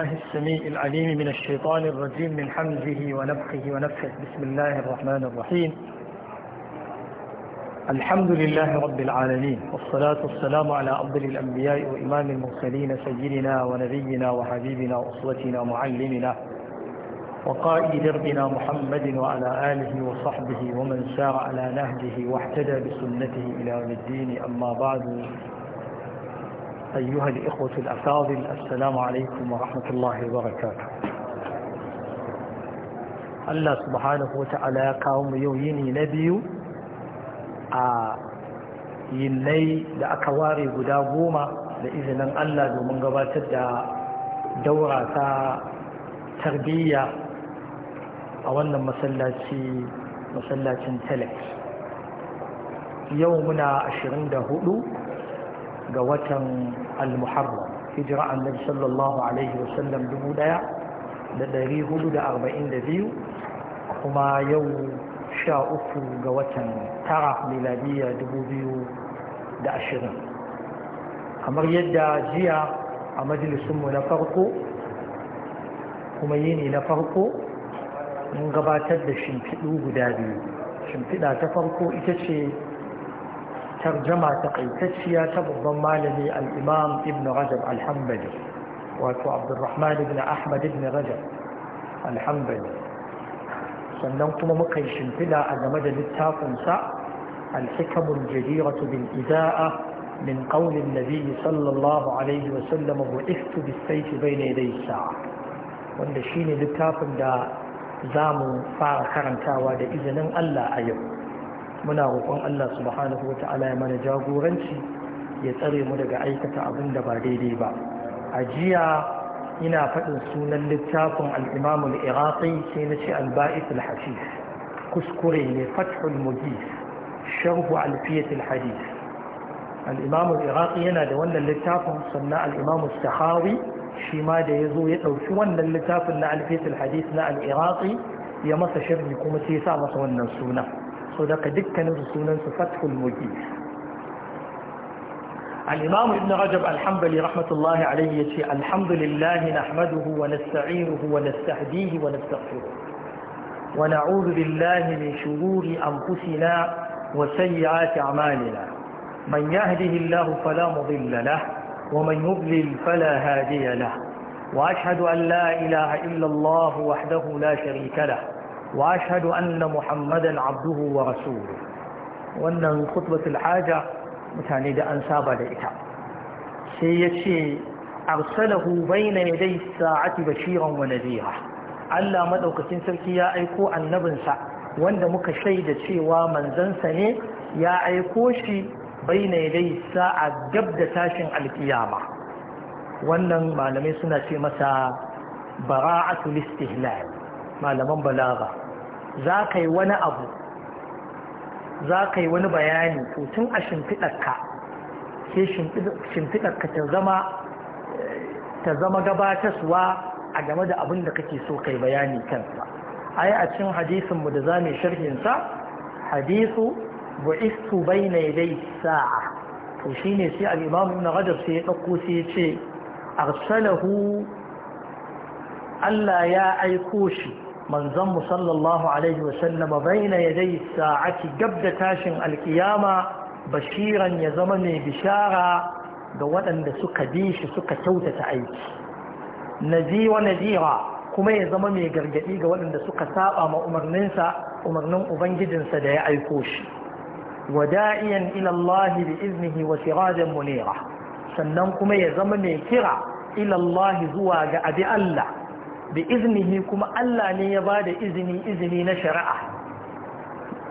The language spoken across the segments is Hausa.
الله السميع العليم من الشيطان الرجيم من حمزه ونفخه ونفخه بسم الله الرحمن الرحيم الحمد لله رب العالمين والصلاة والسلام على أفضل الأنبياء وإمام المرسلين سيدنا ونبينا وحبيبنا وأسوتنا ومعلمنا وقائد دربنا محمد وعلى آله وصحبه ومن سار على نهجه واحتدى بسنته إلى يوم الدين أما بعد أيها الإخوة الأفاضل السلام عليكم ورحمة الله وبركاته mu yau yini na biyu a yinnai da aka ware guda goma da izinin Allah domin gabatar da daura ta tarbiyya a wannan masallaci masallacin telex yau muna 24 ga watan al-muharram hijira annabi sallallahu alaihi wasallam dubu daya da dari hudu da arba'in da biyu kuma yau sha uku ga watan tara miladiya dubu biyu da ashirin kamar yadda jiya a majalisunmu na farko kuma yini na farko mun gabatar da shimfiɗu guda biyu shimfiɗa ta farko ita ce tarjama taƙaitacciya ta babban malami al'imam ibn rajab alhambali wato abdurrahman ibn ahmad ibn rajab sannan kuma muka yi shimfida a game da littafinsa alhikamun jariratu bin ida'a من قول النبي صلى الله عليه وسلم بعثت بالسيف بين يدي الساعة wanda shi ne littafin da za mu fara karantawa da izinin Allah a yau muna roƙon Allah subhanahu wa ta'ala ya mana jagoranci ya tsare mu daga aikata abin da ba daidai ba a jiya ina faɗin sunan littafin al-imam iraqi sai na ce alba'is al kuskure ne fathul mujis sharhu alfiyat al-hadith iraqi yana da wannan littafin sannan al sahawi shi ma da ya zo ya ɗauki wannan littafin na alfiyat al-hadith na aliraƙi ya masa sharhi kuma sai ya sa masa wannan sunan صدق daga رسولا su sunansu الإمام ابن رجب الحنبلي رحمة الله عليه يشي الحمد لله نحمده ونستعينه ونستهديه ونستغفره ونعوذ بالله من شرور أنفسنا وسيئات أعمالنا من يهده الله فلا مضل له ومن يضلل فلا هادي له وأشهد أن لا إله إلا الله وحده لا شريك له wa ashhadu anna muhammadan abduhu wa rasuluhu wannan khutbatul haja mutane da an saba da ita sai yace arsalahu bayna dai sa'ati bashiran wa nadira Allah madaukakin sarki ya aiko annabin sa wanda muka shaida cewa manzon sa ne ya aiko shi bayna yaday sa'a gab da tashin alkiyama wannan malamai suna ce masa bara'atul istihlal malaman balaga za ka yi wani abu za ka yi wani bayani to tun a shimfiɗarka sai shimfiɗarka ta zama gabatarwa a game da abin da kake so kai bayani kansa ai a cin hadisin mu da za mu sharhin sa hadisu bu'istu bayna yaday sa'a to ne sai al-imam ibn rajab sai ya dauko sai ya ce arsalahu Allah ya aiko shi manzanmu mu sallallahu alaihi wa sallama baina yadai sa'ati gabda tashin alkiyama bashiran ya zama mai bishara ga waɗanda suka bi shi suka kyautata aiki naziwa nazira kuma ya zama mai gargaɗi ga waɗanda suka saba ma umarninsa umarnin ubangijinsa da ya aiko shi wada'iyan ilallahi bi iznihi wa sirajan munira sannan kuma ya zama mai kira ilallahi zuwa ga abi Allah bi iznihi kuma Allah ne ya ba da izini izini na shari'a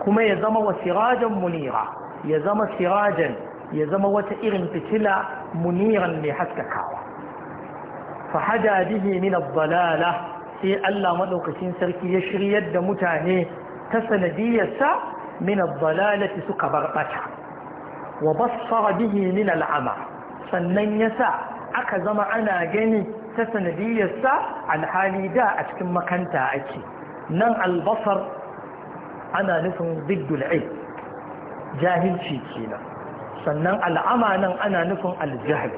kuma ya zama wa sirajan munira ya zama sirajan ya zama wata irin fitila muniran mai haskakawa fa hada bihi min ad-dalala sai Allah madaukakin sarki ya shiryar da mutane ta sanadiyarsa min ad-dalalati suka barbata wa basfara bihi min al-ama sannan yasa aka zama ana gani ta sanadiyarsa alhali da a cikin makanta ake nan albasar ana nufin ziddul jahilci kenan sannan al'ama nan ana nufin aljahil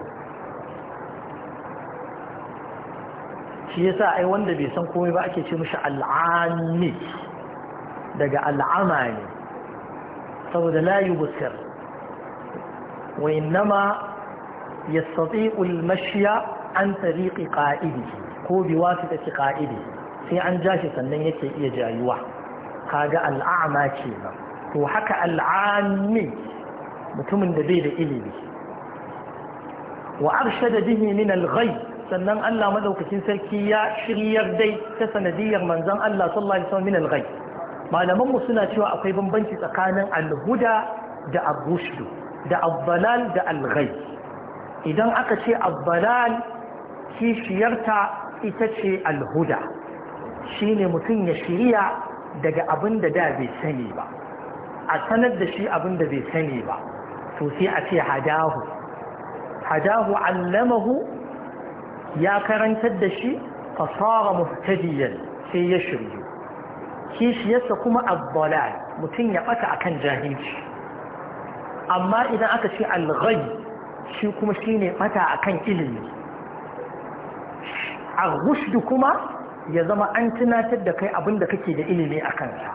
shi yasa ai wanda bai san komai ba ake ce mishi al'ani daga al'ama ne saboda la yubsir wa innama yastati'u al an tariqi ƙa'idi ko bi wasitati qa'idi sai an jashi sannan yake iya jayuwa kaga al'ama ba to haka al'ami mutumin da bai da ilimi wa da bihi min al-ghayb sannan Allah madaukakin sarki ya shiryar dai ta sanadiyar manzon Allah sallallahu alaihi wasallam min al-ghayb malaman mu suna cewa akwai bambanci tsakanin al-huda da ar da abalal da al-ghayb idan aka ce abalal. kishiyarta ita ce alhuda shine mutum ya shirya daga abin da da bai sani ba a sanar da shi abin da bai sani ba to sai a ce hadahu hadahu allamahu ya karantar da shi fasara muhtadiyan sai ya shiryu kishiyarsa kuma abdalal mutum ya bata akan jahilci amma idan aka ce alghai shi kuma shine bata akan ilimi a rushdu kuma ya zama an tunatar da kai abinda kake da ilimi a kansa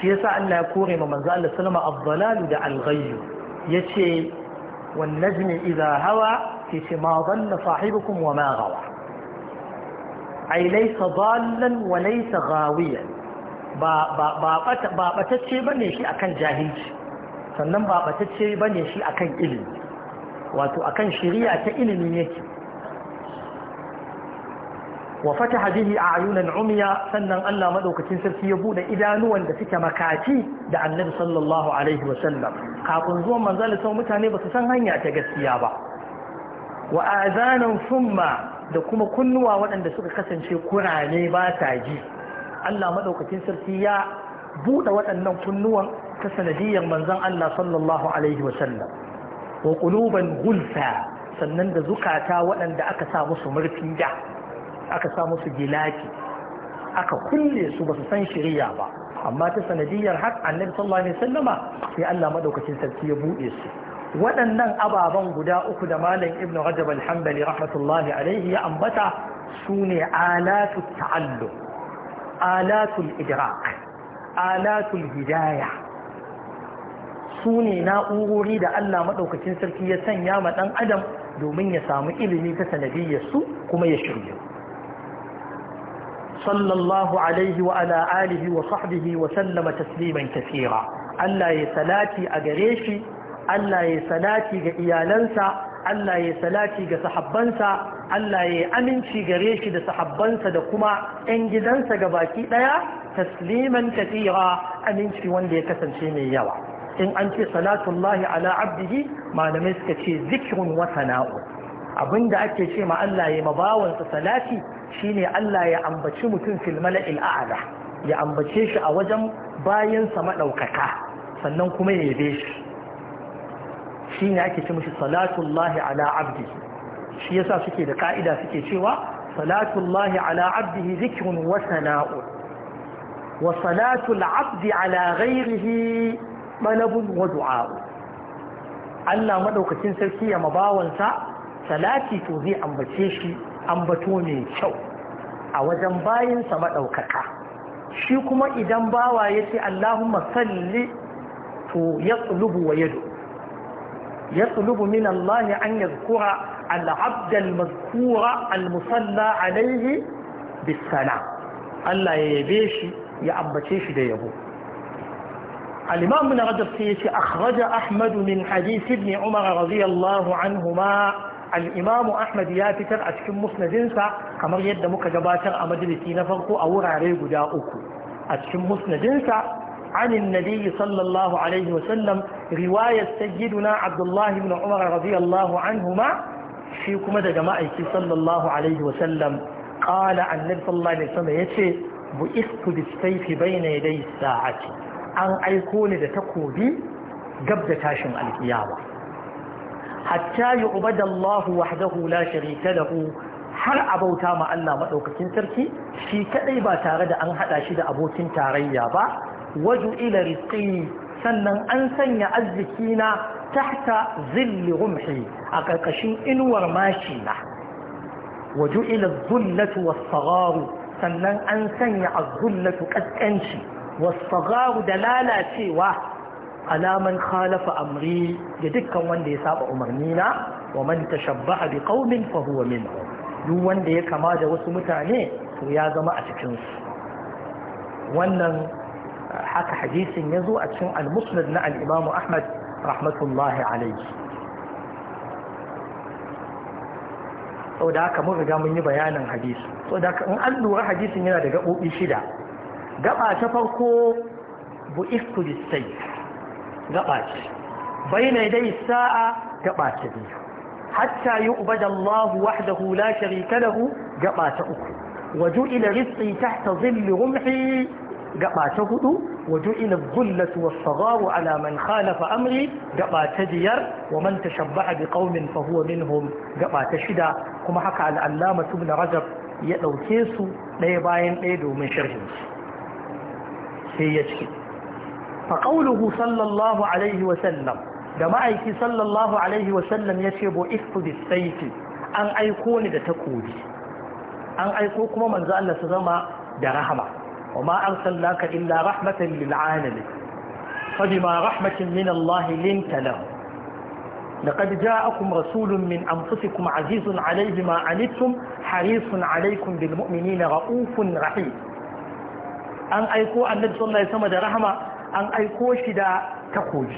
shi yasa Allah ya kore ma manzo Allah sallama ad-dalalu da al-ghayyu yace wan najmi idha hawa yace ma dhalla sahibukum wa ma ghawa ai laysa dallan wa laysa ghawiyan ba ba ba ba batacce bane shi akan jahilci sannan ba batacce bane shi akan ilimi wato akan shari'a ta ilimi yake wa fata fataha a a'yunan umiya sannan Allah maɗaukacin sarki ya bude idanuwan da suke makaci da Annabi sallallahu alaihi kafin zuwan manzali sau mutane ba su san hanya ta gaskiya ba wa azanan summa da kuma kunnuwa waɗanda suka kasance kurane ba ta ji Allah maɗaukacin sarki ya bude waɗannan kunnuwan ta sanadiyar manzon Allah sallallahu alaihi wa wa gulfa sannan da zukata waɗanda aka sa musu murfi da aka sa musu gilaki aka kulle su ba su san shari'a ba amma ta sanadiyar har annabi sallallahu alaihi wasallama sai Allah madaukakin sarki ya bude su waɗannan ababen guda uku da malam ibnu rajab al-hanbali rahmatullahi alaihi ya ambata sune alatu ta'allum alatul idrak alatul hidaya sune na'urori da Allah madaukakin sarki ya sanya ma dan adam domin ya samu ilimi ta sanadiyar su kuma ya shirya sallallahu alyhi wa ala alihi wa soɔɗihi wa sallama tasliman katira allah ya salati a gareshi allah ya salati ga iyalansa allah ya salati ga sahabansa allah ya yi aminci gareshi da sahabansa da kuma yan gidansa ga baki ɗaya tasliman katira aminci wanda ya kasance mai yawa in an ce salatul lahi ala abdihi malamai suka ce zikirin wasu na kuɗi abinda ake ce ma allah ya yi mabawansa salati. shine Allah ya ambaci mutum fil mala'il a'la ya ambace shi a wajen bayansa maɗaukaka sannan kuma ya yabe shi shine ake ce salatu salatullahi ala abdi shi yasa suke da ka'ida suke cewa salatullahi ala abdi zikrun wa sana'u wa salatul abdi ala ghairihi malabun wa Allah madaukakin sarki ya mabawansa salati to zai ambace shi ambato mai kyau a wajen bayinsa maɗaukaka shi kuma idan bawa ya ce Allahumma salli to ya tsulubu wa ya tsulubu min Allah an yazkura al-abd mazkura al alaihi bisana Allah ya yabe shi ya ambace shi da yabo الإمام بن رجب سيتي أخرج min من حديث ابن عمر رضي الله al’imamu ahmad ya fitar a cikin musnadinsa kamar yadda muka gabatar a majalisi na farko a wurare guda uku a cikin musnadinsa anin nabi sallallahu alaihi wasallam sayyiduna abdullahi ibn umar radiyallahu shi kuma daga ma'aiki sallallahu alaihi qala annabi sallallahu alaihi wasallam yace bu istu bi sayfi bayna yaday sa'ati an aiko ni da takobi gab da tashin alkiyama hatta yi ubadallahu wahdahu la sharika lahu har abauta ma Allah madaukakin sarki shi kadai ba tare da an hada shi da abokin tarayya ba waju ila rizqi sannan an sanya arzikina tahta zilli rumhi a karkashin inuwar mashina waju ila dhullatu was-sagharu sannan an sanya az-dhullatu kaskanci was-sagharu da lalacewa alaman khalafa amri da dukkan wanda ya saba umarni na wa man tashabbaha bi qaumin fa huwa minhu duk wanda ya kama da wasu mutane to ya zama a cikin su wannan eh, haka hadisin ya zo a cikin al-musnad na al-imamu ahmad rahmatullahi alayhi sau da haka mun riga mun yi bayanin hadisi sau da haka in an lura hadisin yana da gaɓoɓi shida gaba ta farko bu'istu bisayf gaba ce bayna dai sa'a gaba ce biyu hatta yu'bada Allah wahdahu la sharika lahu gaba ta uku وجعل رزقي تحت ظل رمحي gaba ta hudu wa ju'ila dhullatu was-sagharu ala man khalafa amri gaba ta biyar wa man tashabbaha bi qaumin fa huwa minhum gaba ta shida kuma haka al-allama ibn rajab ya dauke su daya bayan daya domin sharhin sai ya ce fa qawluhu sallallahu alaihi wa sallam da ma'aiki sallallahu alaihi wa sallam yace bo istu bisayfi an aiko ni da takobi an aiko kuma manzo Allah su zama da rahama وما أرسلناك إلا رحمة للعالمين فبما رحمة من الله لنت له لقد جاءكم رسول من أنفسكم عزيز عليه ما عنتم حريص عليكم بالمؤمنين رؤوف رحيم أن أيقوا النبي صلى الله عليه وسلم رحمة an aiko shi da takobi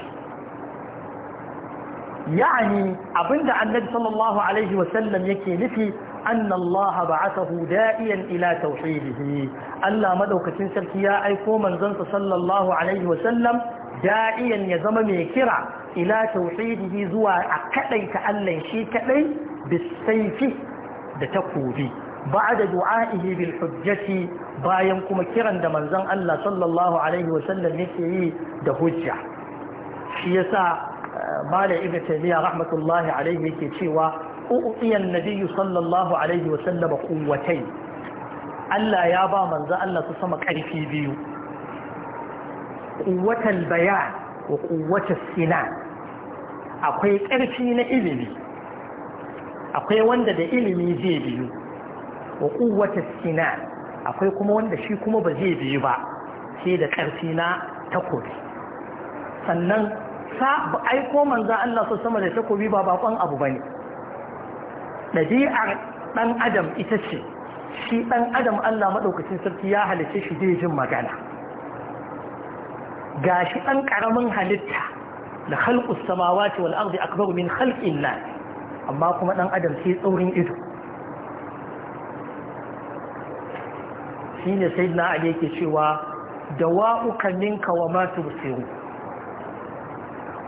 ya'ani abinda annabi sallallahu alaihi wasallam yake nufi annallaha ba'athahu da'iyan ila tauhidihi Allah maɗaukacin sarki ya aiko manzon sa sallallahu alaihi da'iyan ya zama mai kira ila tauhidihi zuwa a ta Allah shi kadai bisaifi da takobi ba da du'a'ihi bil hujjati bayan kuma kiran da manzon Allah sallallahu alaihi sallam yake yi da hujja shi yasa mala ibn taymiya yake cewa uqiya an-nabiy sallallahu alaihi wa sallam quwwatay Allah ya ba manzon Allah su sama karfi biyu quwwatal bayan wa quwwatas sinan akwai karfi na ilimi akwai wanda da ilimi zai biyu wa kuwata sina akwai kuma wanda shi kuma ba zai biyu ba sai da ƙarfi na takobi sannan sa aiko manza Allah su sama da takobi ba bakon abu bane ɗabi'ar ɗan adam ita ce shi ɗan adam Allah maɗaukacin sarki ya halice shi zai jin magana ga shi ɗan ƙaramin halitta da halƙus samawati wal ardi akbaru min halƙin nan amma kuma ɗan adam sai tsaurin ido sai na a yake cewa dawa'uka minka wa wa ma tubsiru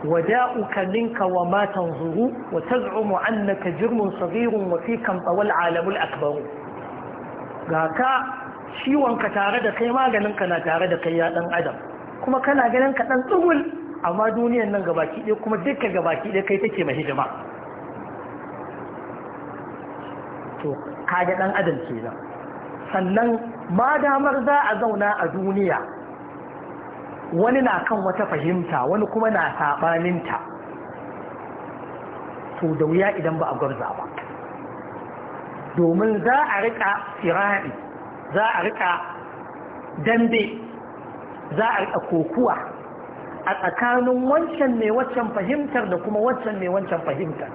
وداؤك منك وما تنظر وتزعم أنك جرم صغير وفيك انطوى العالم الأكبر غاكا ciwonka tare da kai maganinka na tare da kai ya dan adam kuma kana ganin ka dan tsugul amma duniyan nan gabaki ɗaya kuma dukkan gabaki ɗaya kai take mai hidima to kaga ɗan adam ke nan. sannan ma damar za a zauna a duniya wani na kan wata fahimta wani kuma na saɓaninta to da wuya idan ba a gwarza ba domin za a rika firari za a rika dambe za a rika kokuwa a tsakanin wancan mai waccan fahimtar da kuma wancan mai wancan fahimtar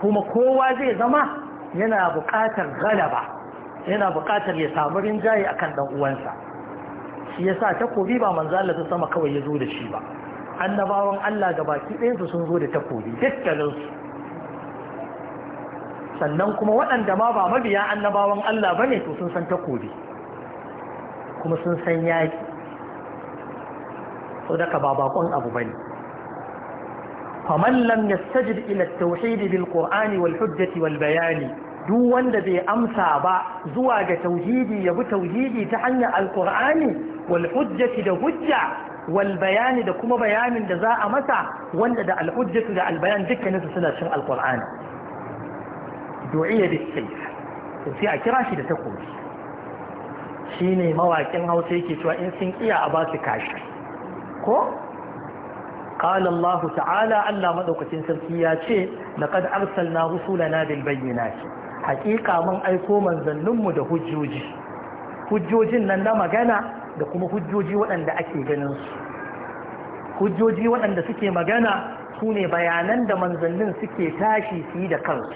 kuma kowa zai zama yana buƙatar galaba yana buƙatar ya samu rinjaye akan ɗan'uwansa ɗan’uwansa shi sa takobi ba manzala ta sama kawai ya zo da shi ba annabawan Allah ga baki ɗayansu sun zo da takobi dukkaninsu sannan kuma waɗanda ma ba mabiya annabawan Allah ba ne to sun san takobi kuma sun san yaƙi so daga ba bakon abu ba ne faman lam yastajib ila at-tauhid bil qur'ani wal bayani duk wanda bai amsa ba zuwa ga tauhidi ya bi tauhidi ta hanyar Alkur'ani wal hujjati da hujja wal bayani da kuma bayanin da za a masa wanda da al hujjatu da al bayan dukkaninsu suna cin alkur'ani du'iya bis sayf sai a kira shi da takobi shine mawakin Hausa yake cewa in sun iya a ba su kashi ko قال الله تعالى ألا مدوكة سلسياتي لقد أرسلنا رسولنا بالبينات حقيقة من أيكو من ذنم ده هجوجي هجوجي ننما مجانا ده كم هجوجي وأن ده أكي جننس هجوجي وأن ده سكي مجانا سوني بيانا ده من ذنن سكي تاشي سيدة كنس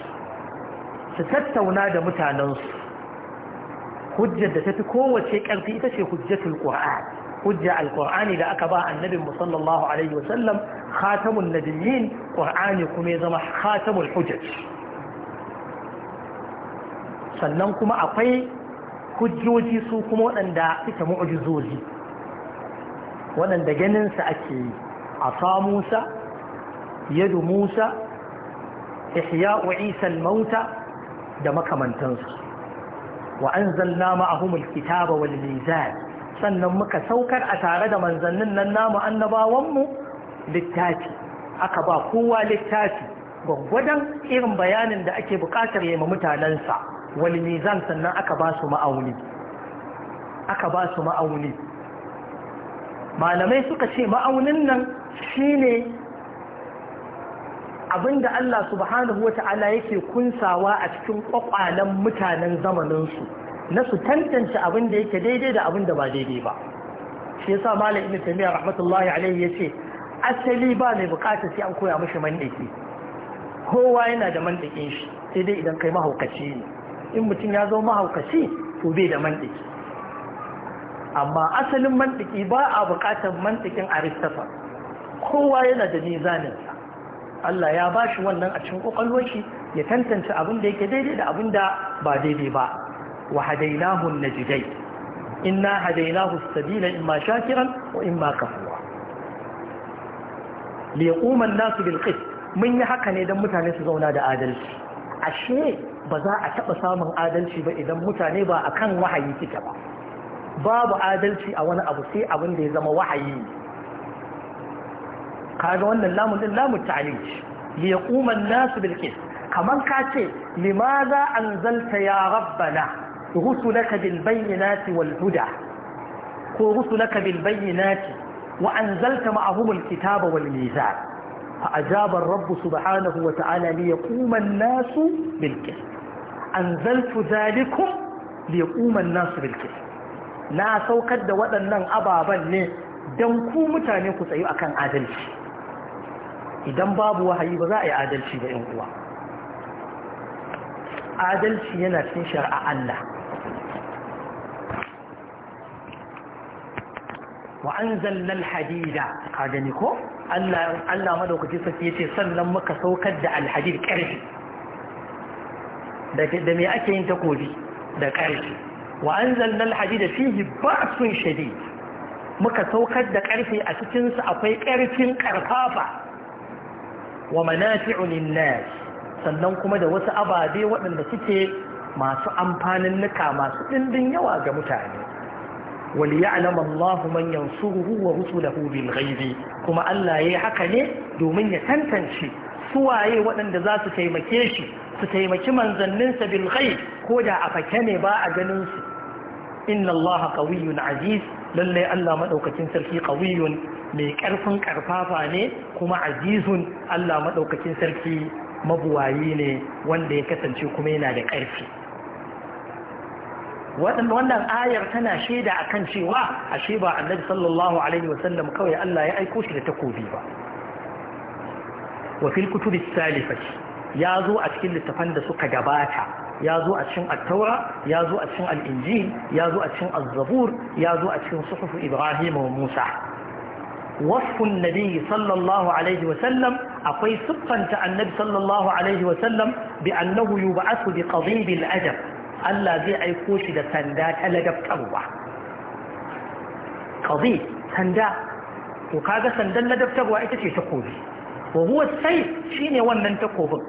ستتونا ده متعننس hujjar da ta fi kowace ƙarfi ita ce hujjatul ƙwa'ad hujja alkur'ani da aka ba annabin mu sallallahu alaihi wasallam khatamun nabiyyin qur'ani kuma ya zama khatamul hujjaj sannan kuma akwai hujjoji su kuma waɗanda suke mu'jizoji waɗanda ganin sa ake yi asa Musa yadu Musa ihya'u Isa al-mauta da makamantansu wa anzalna ma'ahum al-kitaba wal mizan sannan muka saukar a tare da manzannin nan namu annabawanmu littafi aka ba kowa littafi gwaggwadon irin bayanin da ake bukatar yi ma mutanensa wani mizan sannan aka ba su ma'auni aka ba su ma'auni malamai suka ce ma'aunin nan shine abinda Allah subhanahu wata'ala yake kunsawa a cikin kwakwalen mutanen zamaninsu na su tantance abin da yake daidai da abin da ba daidai ba shi yasa malam ibn tamiya rahmatullahi alaihi yace asali ba mai bukata sai an koya mishi mandaki kowa yana da mandakin shi sai dai idan kai mahaukaci ne in mutum ya zo mahaukaci to bai da mandaki amma asalin mandaki ba a bukatar mandakin aristafa kowa yana da nizaninsa Allah ya bashi wannan a cikin kwakwalwar ya tantance abin da yake daidai da abin da ba daidai ba وهديناه النجدين إنا هديناه السبيل إما شاكرا وإما كفورا ليقوم الناس بالقسط من يحكى إذا متعنى سزونا دا آدلش أشياء بزاء أتبع سامن آدلش إذا متعنى با أكان وحي تكبا باب آدلش أولا أبو سي أبن دي زم وحي قال وانا اللام اللام التعليج ليقوم الناس بالقسط كمان كاتي لماذا أنزلت يا ربنا rusulaka bil bayyinati wal huda ko rusulaka bil bayyinati wa anzalta ma'ahum al kitaba wal mizan fa ajaba ar-rabb subhanahu wa ta'ala li yaquma an-nasu bil qist anzaltu zalikum li yaquma an-nasu bil qist na saukar da waɗannan ababen ne don ku mutane ku tsayu akan adalci idan babu wahayi ba za a yi adalci ba 'yan uwa adalci yana cin shari'a Allah wa anzalna alhadida ka gani ko Allah Allah madaukaki yace sannan muka saukar da alhadid ƙarfi. da da me ake yin takobi da ƙarfi. wa anzalna alhadida fihi sun shadid muka saukar da ƙarfi a cikin akwai ƙarfin ƙarfafa. wa manafi'u lin-nas sannan kuma da wasu ababe waɗanda suke masu amfanin nuka masu ɗindin yawa ga mutane وليعلم الله من ينصره ورسله بالغيب كما الله يي haka ne domin ya tantance suwaye waɗanda za su taimake shi su taimaki manzanninsa bil ghaib ko da a fake ne ba a ganin su inna allaha qawiyyun aziz lalle Allah madaukakin sarki qawiyyun mai karfin karfafa ne kuma azizun Allah madaukakin sarki mabuwayi ne wanda ya kasance kuma yana da karfi wannan ayar tana shaida kan cewa ashe ba annabi sallallahu alaihi wasallam kawai Allah ya aiko shi da takobi ba wa fil kutubi salifati ya zo a cikin littafan da suka gabata ya zo a cikin at-taura ya zo a cikin al ya zo a cikin az ya zo a cikin suhuf ibrahim wa musa wasfun nabi sallallahu alaihi wasallam akwai siffanta annabi sallallahu alaihi wasallam bi annahu yub'athu bi qadib ajab Allah zai aiko shi da sanda ta ladabtarwa qadi sanda ko kaga sandan ladabtarwa ita ce takobi wa huwa sai shine wannan takobin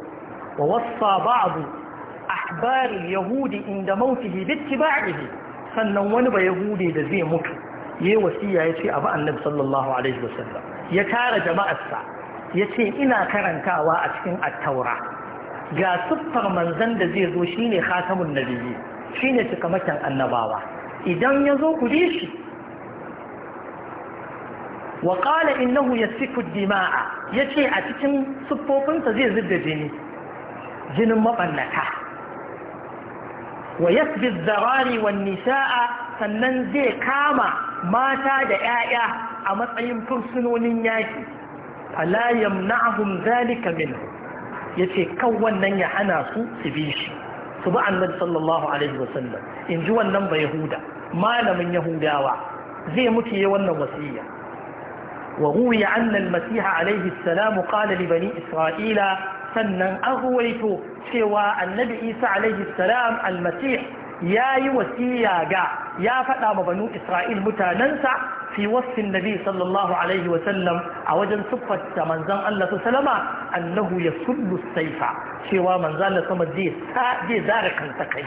wa wassa ba'd ahbar ahbarin yahudi inda mautihi bi ittiba'ihi sannan wani ba yahudi da zai mutu yayi wasiya yace abu annabi sallallahu alaihi wasallam ya tara jama'arsa yace ina karantawa a cikin Attaura. taura ga siffar manzan da zai zo shine khatamun nabiyyi shine cikamakin annabawa idan ya zo ku shi wa qala innahu yasifu dima'a yace a cikin siffofinsa zai zubda jini jinin mabannata wa yasbi zarari wan nisa'a sannan zai kama mata da 'ya'ya a matsayin fursunonin yaki fala yamna'hum zalika minhu ya ce kan wannan ya hana su su bi shi su bi annabi sallallahu alaihi wasallam in ji wannan ba yahuda malamin yahudawa zai mutu ya wannan wasiya وروي أن المسيح عليه السلام قال لبني israila sannan an ruwaito cewa annabi isa alaihi salam almasih ya yi wasiya ga ya faɗa ma banu isra'il mutanensa في وصف النبي صلى الله عليه وسلم أوجن صفة من زم الله سلما أنه يسل السيف شوى من زال سمى دي ساجي زارقا تقي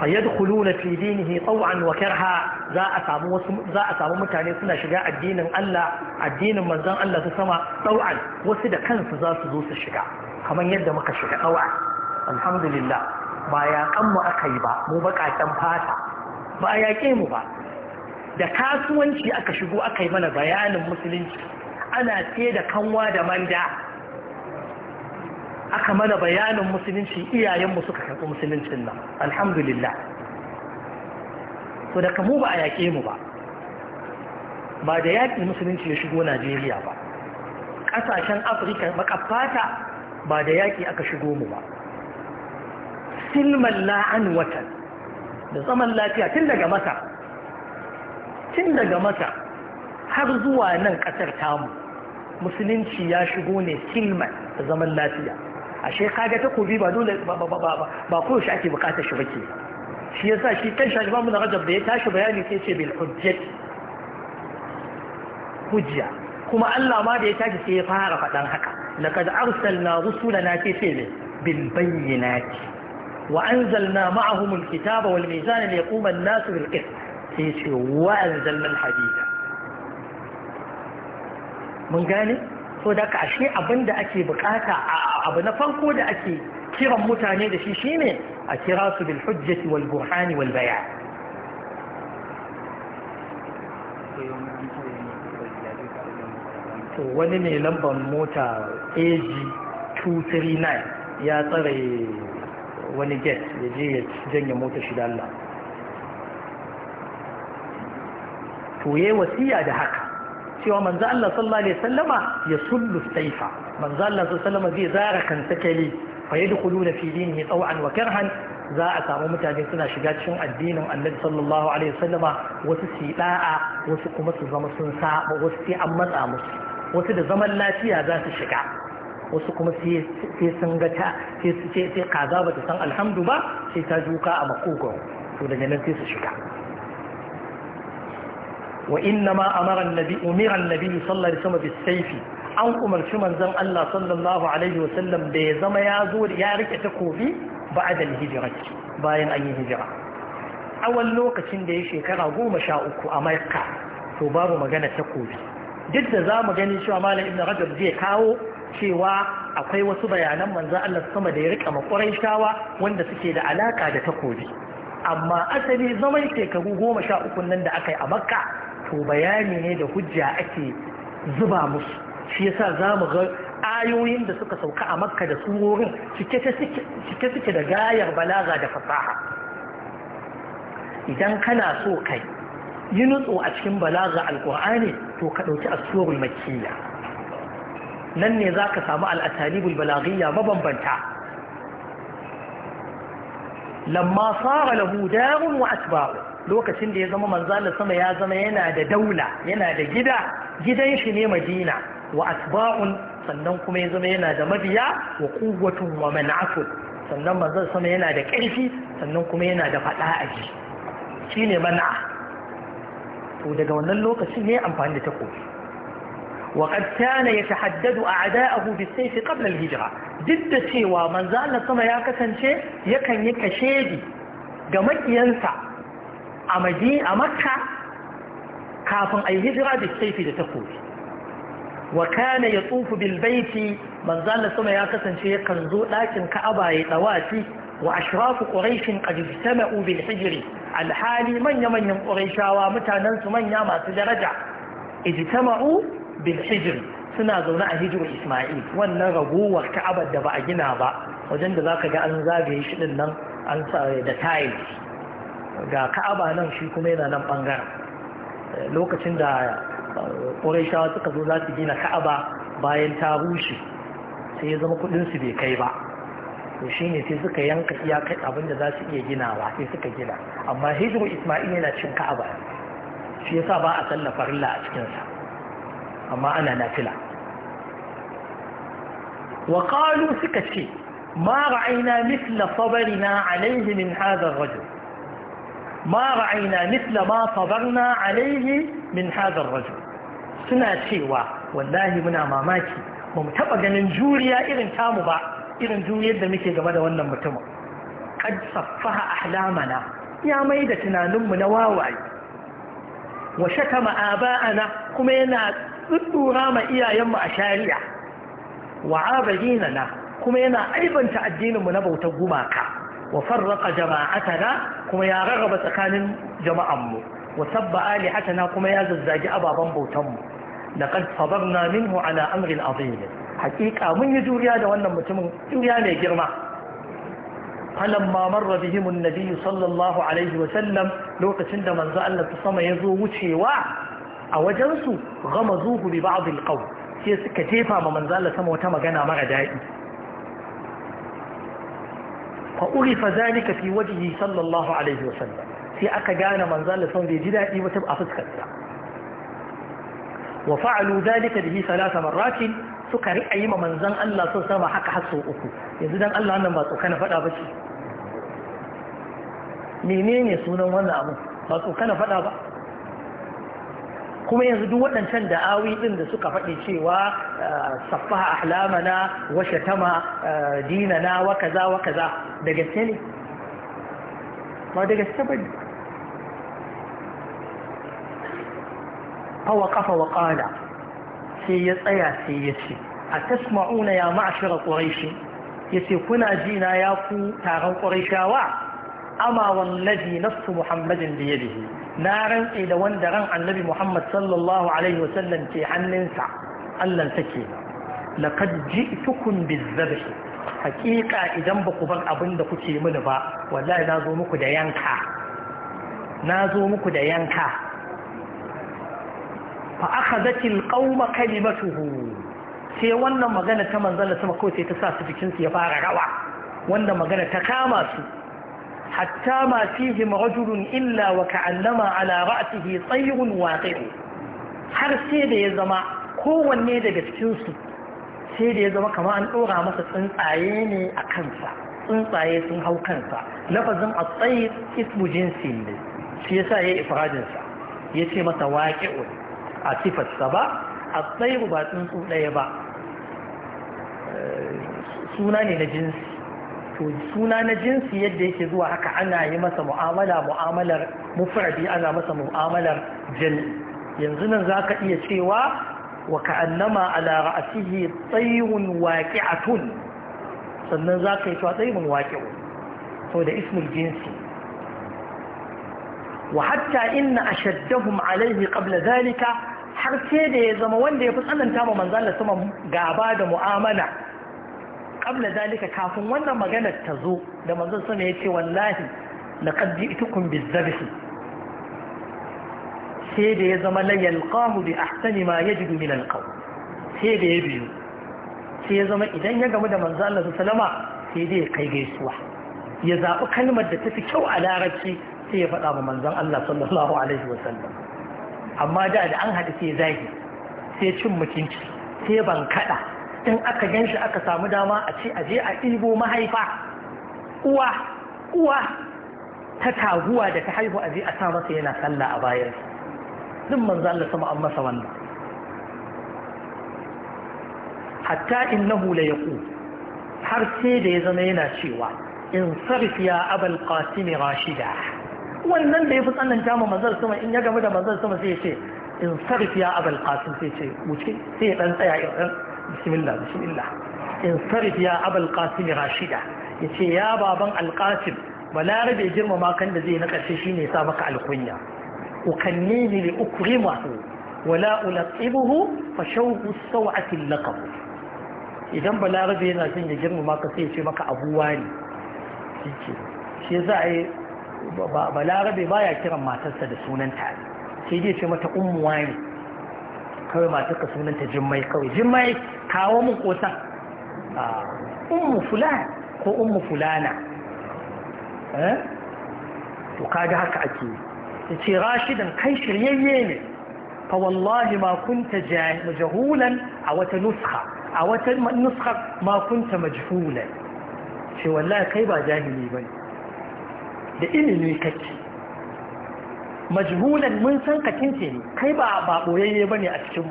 فيدخلون في دينه طوعا وكرها za a samu wasu za a samu mutane suna shiga addinin Allah addinin manzon Allah ta sama ɗau'an wasu da kansu zasu zo su shiga kamar yadda muka shiga ɗau'an alhamdulillah ba yaƙan mu aka yi ba mu baƙaƙen fata ba a yaƙe mu ba da kasuwanci aka shigo aka yi mana bayanin musulunci ana ce da kanwa da manda aka mana bayanin musulunci iyayenmu suka karɓi musuluncin nan alhamdulillah so daga mu ba a yaƙe mu ba ba da yaƙi musulunci ya shigo najeriya ba ƙasashen afirka makafata ba da yaƙi aka shigo mu ba silman la'an watan da zaman lafiya tun daga masa tun daga maka har zuwa nan kasar tamu musulunci ya shigo ne silman da zaman lafiya ashe kaga takobi ba dole ba shi ake bukatar shi bake shi yasa shi kan shi ba mu na rajab da ya tashi bayani sai ce bil hujjat hujja kuma Allah ma da ya tashi sai ya fara faɗan haka laqad arsalna rusulana fi fil bil bayyinati wa anzalna ma'ahum al kitaba wal mizana liyaquma an-nasu bil qist sai ce wa hadida mun gane so da ka ashe abinda da ake bukata abu na farko da ake kiran mutane da shi shine a kira su bil hujjati wal burhani wal bayan wani ne lambar mota AG 239 ya tsare wani get ya je ya janye mota shi da Allah to yayi wasiya da haka cewa manzo Allah sallallahu alaihi wasallama ya sullu saifa manzo Allah sallallahu alaihi zai zara kan sakali fa yadkhuluna fi dinihi taw'an wa karhan za a samu mutane suna shiga cikin addinin Annabi sallallahu alaihi wasallama wasu su da'a wasu kuma su zama sun saba wasu sai an matsa musu wasu da zaman lafiya za su shiga wasu kuma sai sun ga ta sai kaza ba ta san alhamdu ba sai ta juka a makogon to daga nan sai su shiga wa inna ma amara annabi umira annabi sallallahu alaihi an umarci manzan Allah sallallahu alaihi wasallam da ya zama ya zo ya rike takobi ba'da al-hijra bayan an yi hijira awal lokacin da ya shekara goma sha uku a Makka to babu magana takobi duk da za mu gani cewa malam ibn rajab zai kawo cewa akwai wasu bayanan manzon Allah sama da ya rika makwarai wanda suke da alaƙa da takobi amma asali zaman shekaru goma sha uku nan da aka yi a makka to bayani ne da hujja ake zuba musu shi yasa za mu ga ayoyin da suka sauka a makka da surorin cike suke da gayar balaga da fasaha idan kana so kai yi nutso a cikin balaga alkur'ani to ka ɗauki asuwarul makiya nan ne za ka samu al'atalibul balagiyya mabambanta lamma fara lahu darun wa asba'u lokacin da ya zama manzala sama ya zama yana da daula yana da gida gidan shi ne madina wa asba'un sannan kuma ya zama yana da mabiya wa kuwatun wa man'atu sannan manzala sama yana da ƙarfi sannan kuma yana da faɗa a ji shi ne man'a to daga wannan lokacin ne amfani da takobi وقد كان يتحدد أعداءه بالسيف قبل الهجرة duk da cewa زال sama ya kasance yakan yi يكشيدي ga ينسى a a makka kafin a yi hijira da saifi da takobi wa kana ya tsufu bilbaiti manzala sama ya kasance yakan zo ɗakin ka'aba ya ɗawafi wa ashrafu ƙorashin ƙajistama'u bil hijiri alhali manya-manyan ƙorashawa mutanensu manya masu daraja ijtama'u bil hijiri suna zaune a hijiru ismail wannan ragowar ka'abar da ba a gina ba wajen da za ka ga an zagaye shi nan an da tayil. ga ka'aba nan shi kuma yana nan bangaren eh, lokacin da ƙuraishawa eh, suka zo za su gina ka'aba bayan ta rushe sai ya zama kudinsu bai kai ba to shi ne sai suka yanka iyakar abin da za su iya ginawa sai suka gina amma hijiru ismail yana cin ka'aba shi yasa ba a sallah farilla a cikinsa amma ana nafila wa suka ce ma aina mithla sabrina alayhi min hadha rajul ما رأينا مثل ما صبرنا عليه من هذا الرجل سنة شيوة والله منا ماماكي ومتبقى ganin juriya irin tamu ba irin juriyar da muke game da wannan mutumin kad saffaha ahlamana ya mai da tunaninmu na wawaye wa shakama aba'ana kuma yana tsudura ma iyayenmu a shari'a wa na kuma yana aibanta addininmu na bautar gumaka wa farraqa jama'atana kuma ya rarraba tsakanin jama'anmu mu wa sabba kuma ya zazzagi ababen bautan mu laqad sabarna minhu ala amrin azim hakika mun yi juriya da wannan mutumin juriya mai girma falamma marra bihim annabi sallallahu alaihi Wasallam lokacin da manzo Allah ta sama zo wucewa a wajen su gama bi ba'd alqaw sai suka jefa ma manzo Allah sama wata magana mara daɗi fa’urifa zanika fi wajihi sallallahu Alaihi wasallam sai aka gane manzan lissan da ya ji daɗi wata a fuskarsa wa fa’alu zanika da yi salasa marrakin suka riƙa yi ma manzan Allah sun sama haka haso uku yanzu don Allah nan ba tsokana faɗa ba ce ne ne sunan wannan abu ba tsokana faɗa ba kuma yanzu duk waɗancan da'awi ɗin da suka faɗi cewa eh, saffaha ahlamana wa shatama eh, dinana wa kaza wa kaza da gaske ne ba da gaske ba ne fawa kafa wa ƙala sai ya tsaya sai ya ce a tasma'una ya ma'ashira ƙwarai ya ce kuna jina ya ku taron ƙwarai shawa amma wallazi nafsu muhammadin da yadihi na rantse da wanda ran annabi Muhammad sallallahu alaihi wasallam ke hannunsa Allah take laqad ji'tukum bizzabh haqiqa idan baku bar abin da kuke mini ba wallahi na zo muku da yanka na zo muku da yanka fa akhadhatil qauma kalimatuhu sai wannan magana ta manzon sama kawai sai ta sa su bikin su ya fara rawa Wannan magana ta kama su hatta ma fihim rajulun illa wa ka'annama ala ra'sihi tsayrun waqi'u har sai da ya zama kowanne daga cikinsu sai da ya zama kamar an ɗora masa tsuntsaye ne a kansa tsuntsaye sun hau kansa lafazin a tayr ismu jinsi ne shi yasa yayi ifradin sa yace masa wani a sifarsa ba a tayr ba tsuntsu ɗaya ba suna ne na jinsi to suna na jinsi yadda yake zuwa haka ana yi masa mu'amala mu'amalar mufradi ana masa mu'amalar jami yanzu nan za ka iya cewa wa ka'annama ala ra'asihi tsayirun waqi'atun sannan za ka yi cewa tsayirun waqi'un to da ismul jinsi wa hatta inna ashaddahum alaihi qabla zalika har sai da ya zama wanda ya fi tsananta ma manzon sama gaba da mu'amala qabla dalika kafin wannan maganar ta zo da manzon sama ya ce wallahi laqad ji'tukum bizzabhi sai da ya zama la yalqahu bi ahsani ma yajidu min alqaw sai da ya biyu sai ya zama idan ya gamu da manzon Allah sallama sai dai ya kai gaisuwa ya zaɓi kalmar da ta fi kyau a larabci sai ya faɗa ma manzon Allah sallallahu alaihi wasallam amma da da an haɗu sai sai cin mutunci sai ban kaɗa in aka gan shi aka samu dama a ce aje a ɗibo mahaifa uwa uwa ta taguwa da ta haihu aje a sa masa yana sallah a bayan duk manzo Allah sama an masa wannan hatta innahu la yaqul har sai da ya zama yana cewa in sarf ya abal qasim rashida wannan da yafi tsananta ma manzal sama in ya gamu da manzal sama sai ya ce in sarf ya abal qasim sai ce wuce sai ya dan tsaya bismillah bismillah in ya abal qasim rashida yace ya baban alqasim balarabe girmama kan da zai na karshe shine ya sa maka alkunya ukannihi li ukrimahu wala ulatibuhu fa shawqu saw'ati laqab idan balarabe yana son ya girmama ka ya ce maka abuwa ne shi yasa ai balarabe baya kiran matarsa da sunanta sai dai ce mata ummuwa ne kawai mata ka sunanta jimmai kawai jimmai kawo mun kosan ummu fulan ko ummu fulana eh? to kaga haka ake ya ce rashidan kai shiryayye ne fa wallahi ma kunta majhulan a wata nuska. a wata nuskha ma kunta majhulan ce wallahi kai ba jahili bane da ilimi kake majhulan mun san ka kince ne kai ba ba boyayye bane a cikin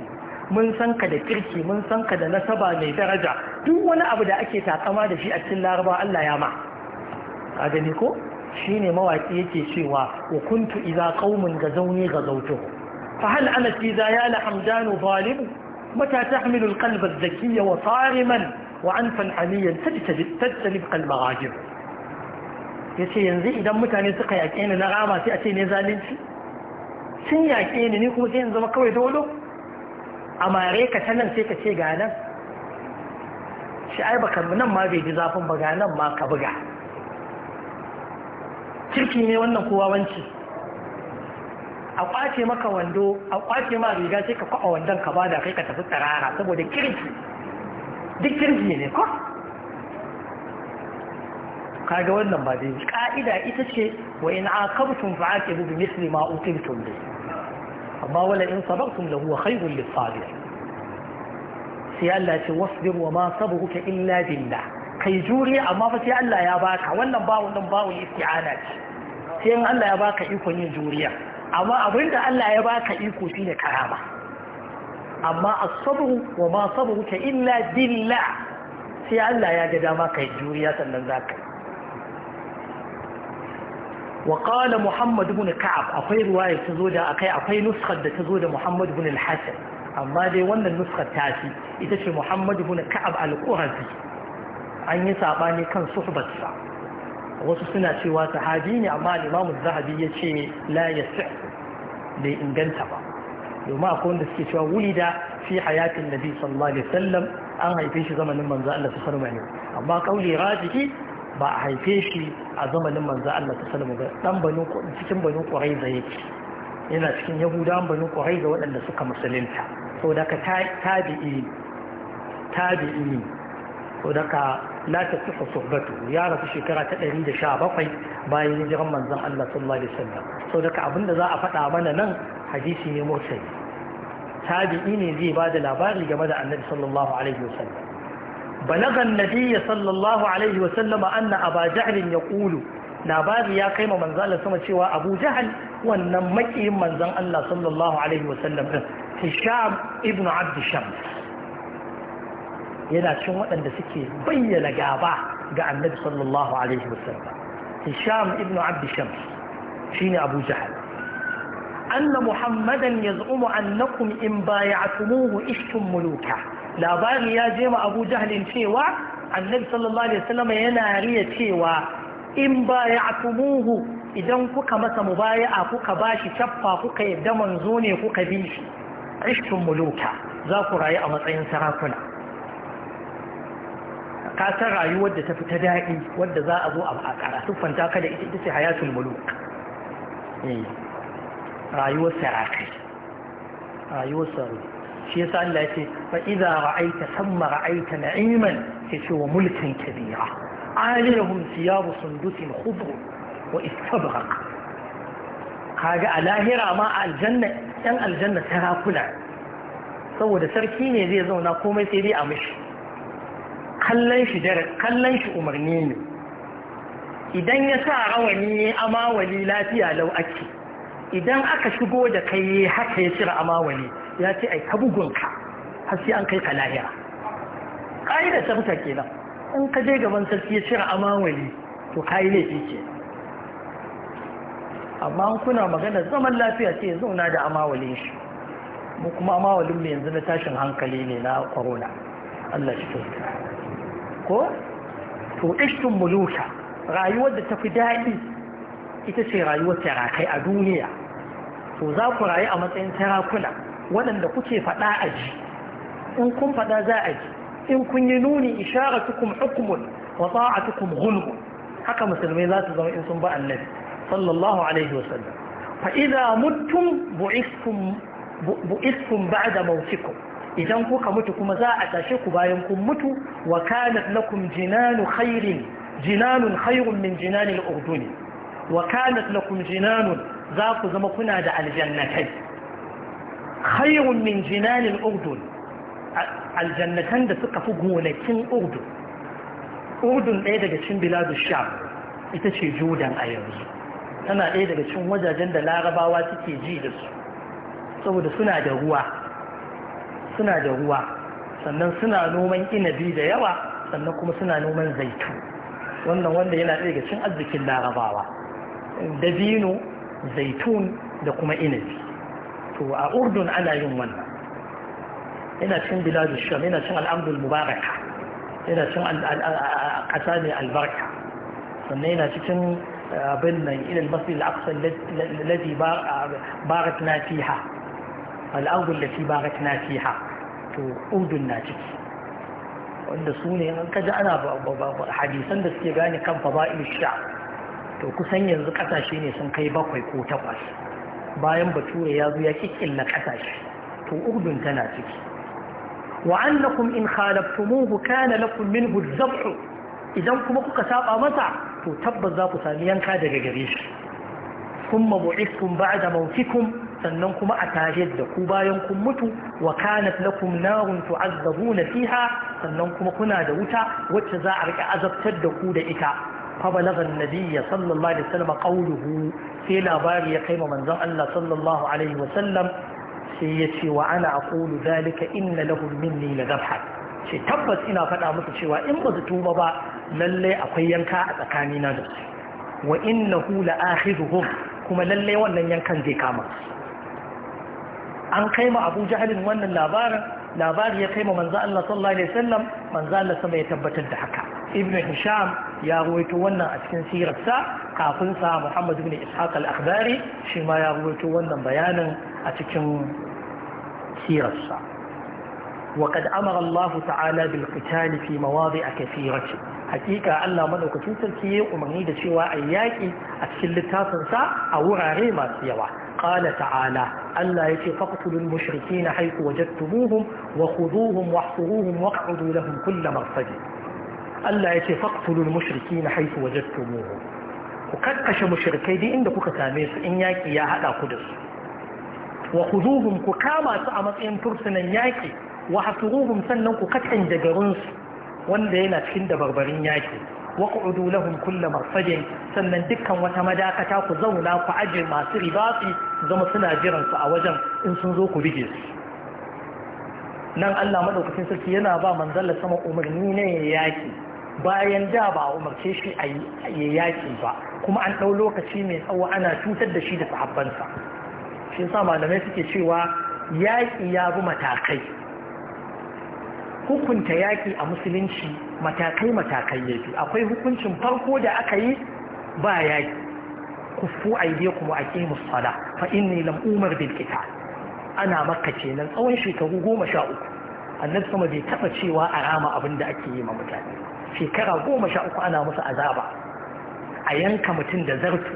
mu mun san ka da kirki mun san ka da nasaba mai daraja duk wani abu da ake takama da shi a cikin laraba Allah ya ma a gani ko shine mawaki yake cewa wa kuntu idza qaumun gazawni gazawtuhu fa hal ana fi zayala hamdanu zalimu متى تحمل wa الذكي wa anfan حميا تجتلب قلب غاجب ya ce yanzu idan mutane suka yaƙe ni na rama sai a ce ne zalunci sun yaƙe ni ni kuma sai yanzu zama kawai dolo a mare ka ta nan sai ka ce ga nan shi ai baka nan ma bai ji zafin ba ga nan ma ka buga kirki ne wannan kowa wanci a kwace maka wando a kwace ma riga sai ka kwa wandon ka bada kai ka tafi tsarara saboda kirki duk kirki ne ko kaga wannan ba dai ka'ida ita ce wa in aqabtum fa aqibu bi misli ma uqibtum bi amma wala in sabartum la huwa khayrun lis sabir sai Allah ce wasbir wa ma sabruka illa billah kai juri amma fa sai Allah ya baka wannan bawon dan bawon isti'ana ce sai in Allah ya baka iko yin juriya amma abinda Allah ya baka iko shine karama amma as-sabru wa ma sabruka illa billah sai Allah ya ga dama kai juriya sannan za ka yi وقال محمد بن كعب أقوي رواية تزود أقوي أقوي نسخة تزود محمد بن الحسن أما دي وانا النسخة تاتي إتش محمد بن كعب القرزي أن يسابني كان صحبة سا وسسنا شوى صحابيني أما الإمام الذهبي يشي لا يسع لإنجنتا با يوما أكون دسكي شوى ولد في حياة النبي صلى الله عليه وسلم أنا يفيش زمن من ذا الله سبحانه وتعالى أما قولي راجحي ba a haife shi a zamanin manzo Allah ta sallama ba dan banu cikin banu quraiza yake yana cikin yahudawan banu quraiza waɗanda suka musulunta So daga tabi'i tabi'i so daga la ta tafi suhbatu ya rasu shekara ta 117 bayan hijiran manzon Allah sallallahu alaihi wasallam So daga abinda za a faɗa mana nan hadisi ne mursali tabi'i ne zai ba da labari game da annabi sallallahu alaihi wasallam بلغ النبي صلى الله عليه وسلم أن أبا جهل يقول labari ya kai ma manzan sama cewa abu jahal wannan makiyin manzan Allah sallallahu alaihi wasallam din hisham shams yana cin waɗanda suke bayyana gaba ga annabi sallallahu alaihi wasallam hisham ibn abd shams shine abu jahal anna muhammadan yaz'umu annakum in bay'atumuhu ishtum muluka labari ya je ma abu jahlin cewa annabi sallallahu alaihi wasallam yana riya cewa in ba ya bayatumuhu idan kuka masa mubaya'a kuka bashi caffa kuka yadda manzo ne kuka bi shi ishtun muluka za ku rayu a matsayin sarakuna ka san rayuwar da ta fi ta daɗi wadda za a zo a karatu fanta kada ita ita ce hayatul muluk eh, rayuwar sarakai rayuwar sarau shi yasa Allah ya ce fa idza ra'aita thumma ra'aita na'iman ya ce wa mulkin kabira aliyahum thiyabu sundusin khudr wa istabraq kaga a lahira ma a aljanna yan aljanna sarakuna saboda sarki ne zai zauna komai sai dai a mishi kallon shi dare kallon shi umarni ne idan ya sa rawani amawali lafiya lau ake idan aka shigo da kai haka ya cire amawali ya ce ai ka bugunka har sai an kai ka lahira kaida ta fita kenan in ka je gaban sarki ya cire amawali to ka yi laifi ke amma kuna magana zaman lafiya ce zauna da amawalin shi mu kuma amawalin mu yanzu na tashin hankali ne na corona Allah shi kyauta ko to ishtun muluka rayuwar da tafi daɗi ita ce rayuwar tarakai a duniya to za ku rayu a matsayin tarakuna waɗanda kuke faɗa a ji in kun faɗa za a ji in kun yi nuni isharatukum hukumun wa ta'atukum ghulmu haka musulmai za su zama in sun ba annabi sallallahu alaihi sallam fa idza muttum bu'istum bu'istum ba'da mawtikum idan kuka mutu kuma za a tashe ku bayan kun mutu wa kanat lakum jinanu khairin jinanun khairun min jinanil urduni wa kanat lakum jinanun za ku zama kuna da aljannatai khairun min jinanin urdun aljannatan da suka fi gonakin urdun urdun ɗaya daga cin biladu sham ita ce jordan a yanzu tana ɗaya daga cin wajajen da larabawa suke ji da su saboda suna da ruwa suna da ruwa sannan suna noman inabi da yawa sannan kuma suna noman zaitu wannan wanda yana ɗaya daga cin arzikin larabawa dabino zaitun da kuma inabi to a urdun ana yin wannan ina cin biladu sham ina cin al'amdul mubaraka ina cin ƙasa mai albarka sannan ina cikin eh, abin nan ilil masu al'aqsa ladi barat na fiha al'amdul lati barat na fi ha, to urdun na ciki wanda su ne an kaji ana hadisan da suke gane kan faba'il sha to kusan yanzu kasashe ne sun kai bakwai ko takwas bayan bature ya zo ya kikkilla kasashe to urdun tana ciki wa annakum in khalaftumuhu kana lakum minhu adh idan kuma kuka saba masa to tabbas za ku sami yanka daga gare shi kuma bu'ithum ba'da mawtikum sannan kuma a tare da ku bayan kun mutu wa kanat lakum narun tu'azzabuna fiha sannan kuma kuna da wuta wacce za a rika azabtar da ku da ita فبلغ النبي صلى الله عليه وسلم قوله sai labari ya kai wa manzon Allah sallallahu alaihi wasallam sai ya ce wa ana aqulu zalika inna lahum minni na dhabha ce tabbas ina faɗa musu cewa in ba su tuba ba lallai akwai yanka a tsakani na da su wa innahu la akhidhuhum kuma lallai wannan yankan zai kama an kai ma Abu Jahalin wannan labarin labari ya kai ma manzo Allah sallallahu alaihi wasallam manzo Allah sama ya tabbatar da haka ibn hisham ya ruwaito wannan a cikin sirarsa sa muhammad ibn ishaq al-akhbari shi ya ruwaito wannan bayanin a cikin sirarsa وقد امر الله تعالى بالقتال في مواضع كثيره حقيقه الله مدوكتي سلكي umarni da cewa ay yaqi a cikin littafin sa a wurare masu yawa qala ta'ala Allah ya ce yace faqtulul mushrikeena haythu wajadtumuhum wa khuduhum wahsuruhum waq'udu lahum kull marsadin Allah ya ce na haifu wajen wajadtumuhum ku kakkashe mushrikai du inda kuka same su in yaki ya haɗa ku da su wa ku kama su a matsayin fursunan yaki wa hasuruhum sannan ku katkan garin su wanda yana cikin dabarbarin yaki wa qu'udu lahum kullu sannan dukkan wata madakata ku zauna ku ajiye masu ribasi zama suna jiran su a wajen in sun zo ku bige su nan Allah madaukakin sarki yana ba manzalla sama umarni ne yaki bayan da ba a umarce shi a yi yaƙi ba kuma an ɗau lokaci mai tsawo ana cutar da shi da sahabbansa shi yasa malamai suke cewa yaƙi ya bi matakai hukunta yaƙi a musulunci matakai matakai ya fi akwai hukuncin farko da aka yi ba yaƙi kufu kuma a aqimus musala fa inni lam umar bil qital ana maka kenan tsawon shekaru goma sha uku annabi sama bai taɓa cewa a rama abin da ake yi ma mutane shekara goma sha uku ana musu azaba a yanka mutum da zartu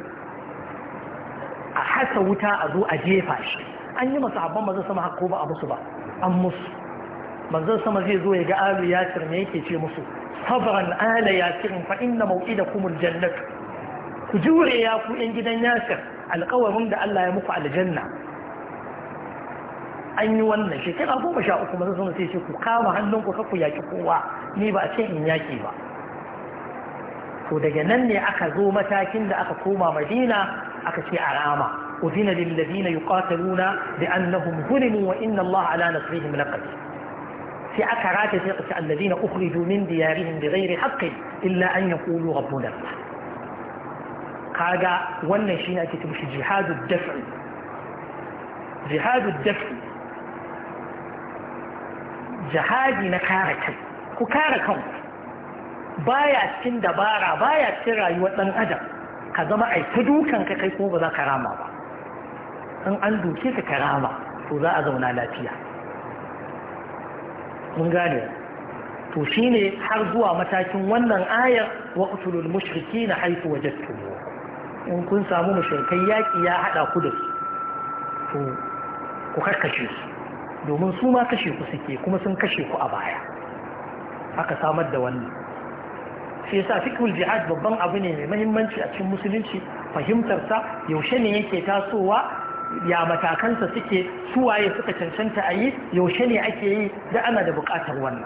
a hasa wuta a zo a jefa shi an yi masu abban mazan sama ko ba a musu ba an musu manzon sama zai zo ya ga alu yasir ne yake ce musu sabran ala yasirin fa inna mawqidakum aljannah ku jure ya ku yan gidan yasir alƙawarin da Allah ya muku aljanna an yi wannan shekara goma sha uku masu sun sai shi ku kama hannun ku ku yaki kowa ni ba a ce in yaki ba to daga nan ne aka zo matakin da aka koma madina aka ce a rama أذن للذين يقاتلون بأنهم ظلموا وإن الله على نصرهم لقدير في أكرات الذين أخرجوا من ديارهم بغير حق إلا أن يقولوا ربنا الله kaga wannan shi ne ake tumshi jihadu dafi jihadu dafi jihadi na kare kai ku kare kanku baya cikin dabara baya cikin rayuwar dan adam ka zama ai ta dukan ka kai ko ba za ka rama ba in an duke ka ka rama to za a zauna lafiya mun gane to shine har zuwa matakin wannan ayar waqtulul mushrikeena haythu wajadtumuh in kun samu mushrikai yaki ya hada ku da su to ku karkace su domin su ma kashe ku suke kuma sun kashe ku a baya aka samar da wannan sai yasa fiqhul jihad babban abu ne mai mahimmanci a cikin musulunci fahimtarsa yaushe ne yake tasowa ya matakansa suke suwaye suka cancanta a yi yaushe ne ake yi da ana da buƙatar wannan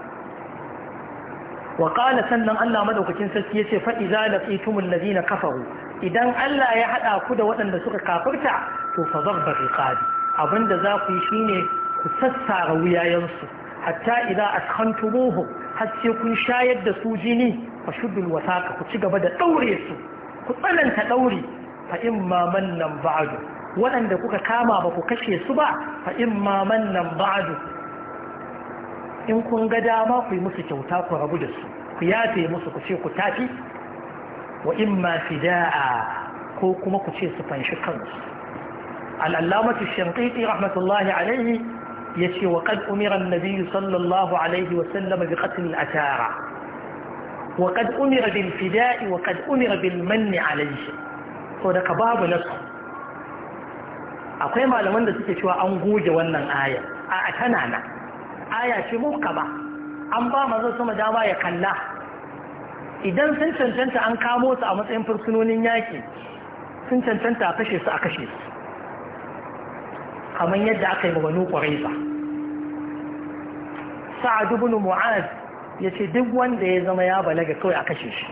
wa qala sannan Allah madaukakin sarki yace fa idza laqitumul ladina kafaru idan Allah ya hada ku da waɗanda suka kafirta to fa zabba riqabi abinda za ku yi shine ku sassara wuyayensu hatta idan askantumuhu har sai kun shayar da su jini fa wasa wasaka ku ci gaba da ɗaure su ku tsananta ɗauri. fa imma nan ba'adu. waɗanda kuka kama ba ku kashe su ba fa imma nan ba'adu. in kun ga dama ku yi musu kyauta ku rabu da su ku yafe musu ku ce ku tafi wa imma fida'a ko kuma ku ce su fanshi kansu al-allamatu shankiti rahmatullahi alaihi yace wa qad umira an sallallahu alaihi wa sallam bi qatl al-atara wa qad umira bil fida'i wa qad umira bil manni alayhi to da babu nasu akwai malaman da suke cewa an goge wannan aya a tana na aya ce muhkama an ba manzon sama dama ya kalla idan sun cancanta an kamo su a matsayin fursunonin yaki sun cancanta a kashe su a kashe su kamar yadda aka yi ma banu ba sa'ad ibn mu'az ya ce duk wanda ya zama ya balaga kawai a kashe shi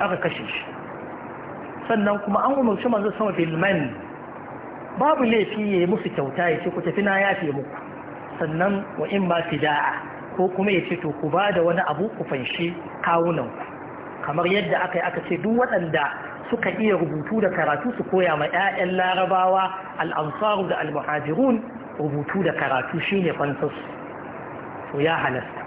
aka kashe shi sannan kuma an umarci manzo sama filman babu laifi ya yi musu kyauta ya ce ku tafi na yafe muku sannan wa in ba fida'a ko kuma ya ce to ku ba da wani abu ku fanshi kawunanku kamar yadda aka yi aka ce duk waɗanda suka iya rubutu da karatu su koya ma 'ya'yan larabawa al'ansaru da al-muhajirun rubutu da karatu shine fansarsu su ya halasta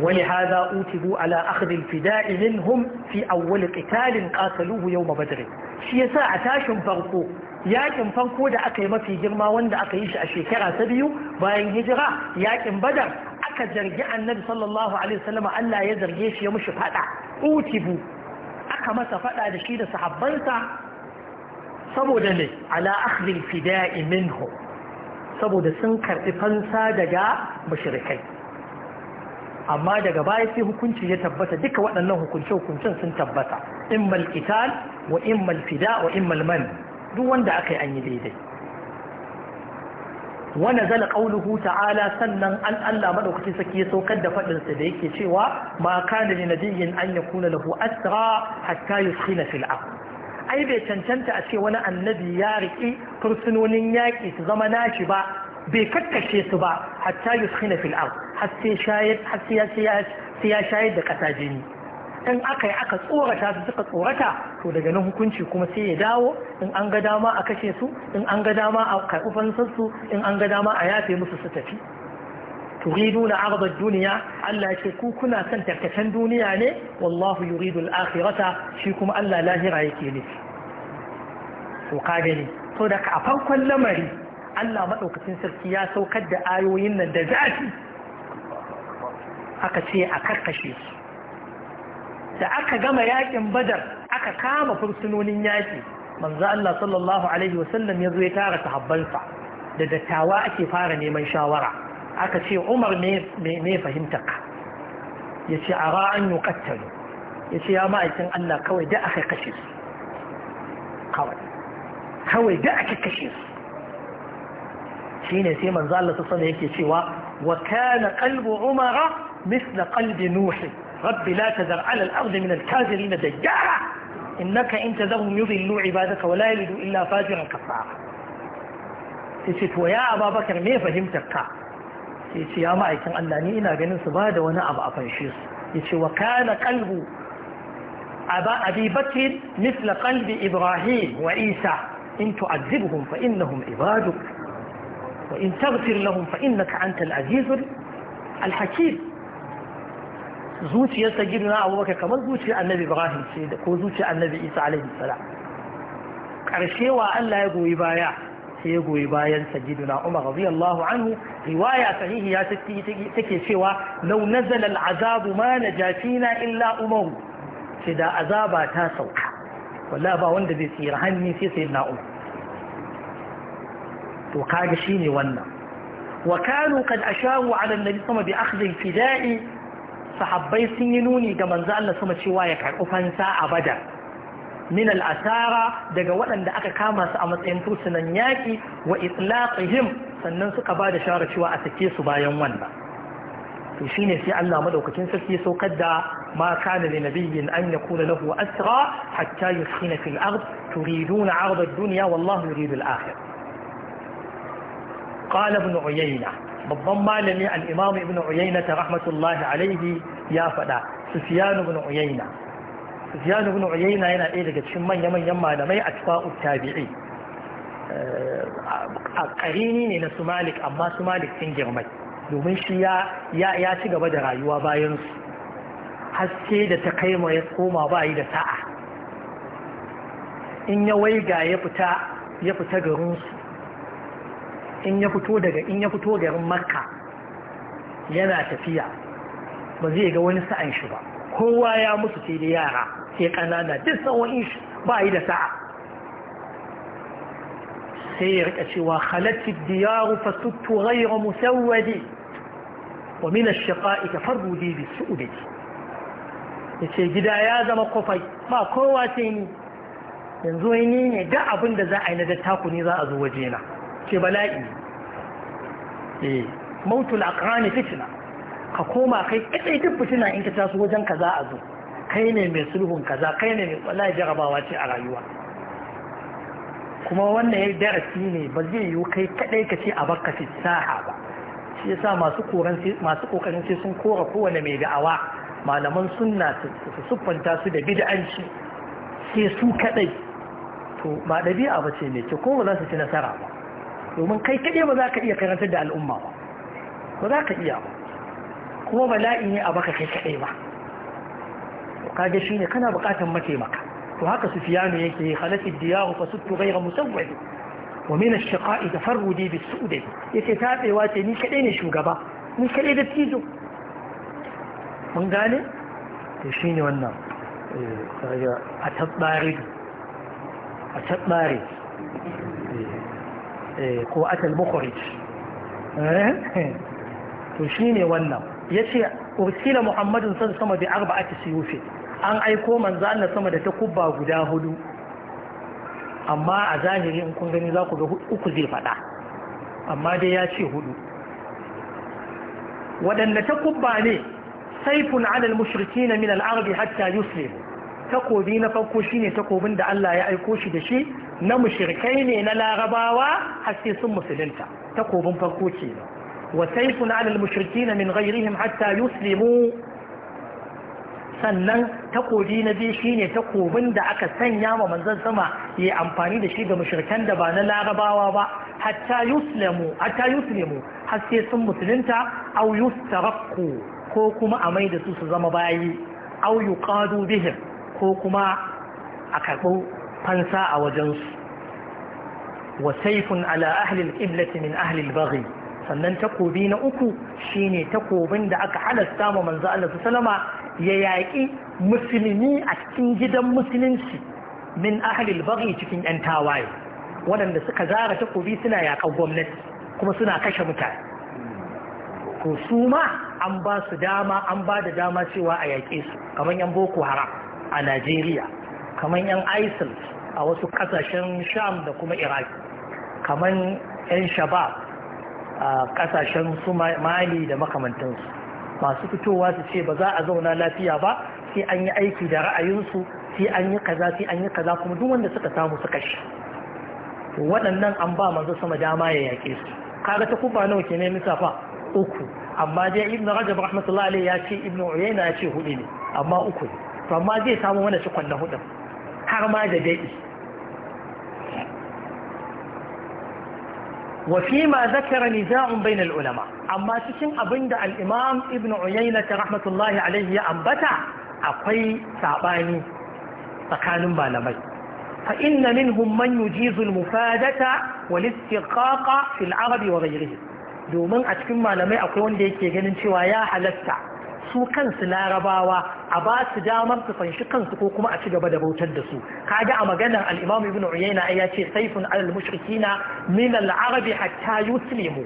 wani haza utibu ala akhdil fida'i minhum fi awwal qitalin qataluhu yawm badr shi yasa a tashin farko yakin farko da aka yi mafi girma wanda aka yi shi a shekara ta biyu bayan hijira yakin badar aka zargi annabi sallallahu alaihi wasallam Allah ya zarge shi ya mushi fada utibu aka masa faɗa da shi da sahabbansa saboda ne ala akhdhil fida'i minhu saboda sun karɓi fansa daga mashirikai amma daga baya sai hukunci ya tabbata duka waɗannan hukunce hukuncin sun tabbata immal qital wa immal fida wa immal man duk wanda aka yi an yi daidai wani zala ƙaunuhu ta'ala sannan an Allah maɗaukaci saki ya saukar da faɗinsa da yake cewa ma da ne nabiyyin an ya kuna lahu asra hatta yuskina fil aq ai bai cancanta a ce wani annabi ya riƙi fursunonin yaƙi su zama nashi ba bai kakkashe su ba hatta yuskina fil aq har sai ya shayar da ƙasa jini in aka yi aka tsorata su suka tsorata to daga nan hukunci kuma sai ya dawo in an ga dama a kashe su in an ga dama a karɓi fansarsu in an ga dama a yafe musu su tafi na arba duniya Allah ce ku kuna son tarkacen duniya ne wallahu yuridu al-akhirata shi kuma Allah lahira yake ne to ka gani to da a farkon lamari Allah madaukakin sarki ya saukar da ayoyin nan da zafi aka ce a karkashe su da aka gama yakin badar aka kama fursunonin yaki manzo Allah sallallahu alaihi wasallam ya zo ya tara sahabbansa da dattawa ake fara neman shawara aka ce Umar ne ne fahimta ka yace ara an yuqattalu yace ya ma'aikin Allah kawai da aka kashe su kawai kawai da aka kashe su shine sai manzo Allah sallallahu alaihi wasallam yake cewa wa kana qalbu umara mithla qalbi nuhi رب لا تذر على الأرض من الكافرين دجارا إنك إن تذرهم يضلوا عبادك ولا يلدوا إلا فاجرا كفارا تسيت ويا أبا بكر ما فهمتك تسيت يا معيكم أنني إنا بين سبادة وأنا أبا أفنشيس تسيت وكان قلبه أبا أبي بكر مثل قلب إبراهيم وعيسى إن تعذبهم فإنهم عبادك وإن تغفر لهم فإنك أنت العزيز الحكيم zuciyarsa sayyidina abubakar kamar zuciyar annabi ibrahim ce da ko zuciyar annabi isa alaihi salam karshe wa Allah ya goyi baya sai ya goyi bayan sayyidina umar radiyallahu anhu riwaya sahihi ya take cewa law nazala al'azab ma najatina illa umar sai da azaba ta sauka wallahi ba wanda zai tsira hanni sai na umar to kaga shine wannan وكانوا قد أشاروا على النبي صلى الله عليه وسلم بأخذ sahabbai sun yi nuni ga manzo Allah sama cewa ya karɓi fansa a badar min al'asara daga waɗanda aka kama su a matsayin fursunan yaƙi wa itlaqihim sannan suka ba da shawara cewa a sake su bayan wanda to shine sai Allah madaukakin sarki saukar da ma kana li nabiyyin an yakuna lahu asra hatta yuskhina fil ard turiduna arda ad-dunya wallahu yuridu al-akhirah qala ibn uyayna babban malami al'imam ibn uyayna ta rahmatullahi alaihi ya faɗa sufyan ibn uyayna sufyan ibn uyayna yana ɗaya daga cikin manya manyan malamai a tufa'u tabi'i eh, a karini ne na Sumalik amma su malik sun girmai domin shi ya ci gaba da rayuwa bayan su haske da ta kai ma ya koma ba yi da sa'a in ya waiga ya fita ya fita garinsu in ya fito daga in ya fito garin makka yana tafiya ba zai ga wani sa'an shi ba kowa ya mutu sai da yara sai kanana duk sa'o'in shi ba yi da sa'a sai ya rika cewa halatti diyaru fa suttu ghayra musawwadi wa min ash-shiqa'i tafarrudi bi su'udati yace gida ya zama kofai ba kowa sai ni yanzu ni ne da abin da za a yi na da taku ne za a zo wajena ke bala'i e mautul aqrani fitna ka koma kai kadai duk fitina in ka taso wajen kaza a zo kai ne mai sulhun kaza kai ne mai wallahi jarabawa ce a rayuwa kuma wannan ya darasi ne ba zai yiwu kai kaɗai ka ce a bakka saha ba shi yasa masu masu kokarin sai sun kora kowane mai da'awa malaman sunna su siffanta su da bid'anci sai su kadai to ba dabi'a ba ce ne ce ko ba za su ci nasara ba domin kai kaɗai ba za ka iya karantar da al'umma ba ba za ka iya ba kuma bala'i ne a baka kai kaɗai ba shi ne kana buƙatar mataimaka to haka sufiyanu yake halatti diyaru fa suttu ghayra musawwadi wa min ash-shaqa'i tafarrudi bis-su'udi yake tafewa ce ni kaɗai ne shugaba ni kaɗai da tijo mun gane to shine wannan eh kaga a tabbare a tabbare Eh, ko atal bukhrij eh? to shine wannan yace ursila muhammadun san sama bi arba'ati suyufi an aiko manzo Allah sama da takubba guda hudu amma a zahiri in kun gani za ku ga uku zai faɗa amma dai ya ce hudu waɗanda takubba ne saifun adal mushriki na min arbi hatta yuslim takobi na farko shine takobin da Allah ya aiko shi da shi na mushrikai ne na larabawa har sun musulunta takobin farko ce wa saifun alal na min ghairihim hatta yuslimu sannan takobi na biyu shine takobin da aka sanya wa manzon sama ya amfani da shi ga mushrikan da ba na larabawa ba hatta yuslimu hatta yuslimu sun musulunta aw yustaraqqu ko kuma a mai da su su zama bayi auyu yuqadu bihim ko kuma a karɓo fansa a wajensu wa saifun ala ahlil qiblati min ahlil baghi sannan takobi na uku shine takobin da aka halasta ma manzo Allah sallama ya yaƙi musulmi a cikin gidan musulunci min ahlil baghi cikin yan tawaye waɗanda suka zara takobi suna yaƙar gwamnati kuma suna kashe mutane ko su ma an ba su dama an ba da dama cewa a yaƙe su kamar yan boko haram a Najeriya kamar yan isil a wasu kasashen sham da kuma Iraki kamar yan shabab a kasashen su mali da makamantansu masu fitowa su ce ba za a zauna lafiya ba sai an yi aiki da ra'ayinsu sai an yi kaza sai an yi kaza kuma duk wanda suka samu suka shi waɗannan an ba manzo sama dama ya yaƙe su kaga ta kuba nawa ke ne misafa uku amma dai ibnu rajab rahmatullahi ya ce ibnu uyayna ya ce hudu ne amma uku to amma zai samu wanda shi na hudu har ma da daɗi وفيما ذكر نزاع بين العلماء اما cikin abinda al-Imam Ibn Uyayna rahmatullahi alaihi ya ambata akwai sabani tsakanin malamai fa inna minhum man yujizu mufadata wal istiqaqa arabi wa ghayrihi domin a cikin malamai akwai wanda yake ganin cewa ya halatta su kansu larabawa a ba su damar su fanshi kansu ko kuma a ci gaba da bautar da su kaga a maganar al-imam ibn uyayna ya ce saifun alal mushrikina min al-arab hatta yuslimu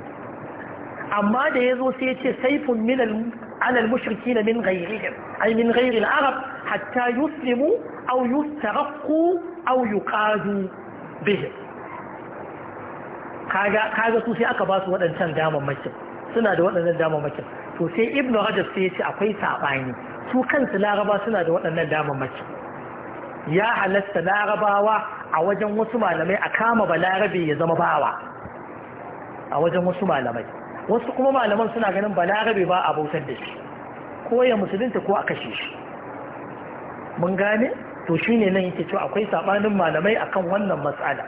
amma da yazo sai ya ce saifun min alal mushrikina min ghayrihim ay min ghayri al-arab hatta yuslimu aw yustaraqqu aw yuqadu bihim kaga kaga su sai aka ba su waɗancan damammakin suna da waɗannan damammakin to sai ibnu hajar sai ya ce akwai saɓani su kansu laraba suna da waɗannan damammaki ya halasta larabawa a wajen wasu malamai a kama balarabe ya zama bawa a wajen wasu malamai wasu kuma malaman suna ganin balarabe ba a bautar da shi ko ya musulunta ko a kashe shi mun gane to shi ne nan yake cewa akwai saɓanin malamai a kan wannan matsala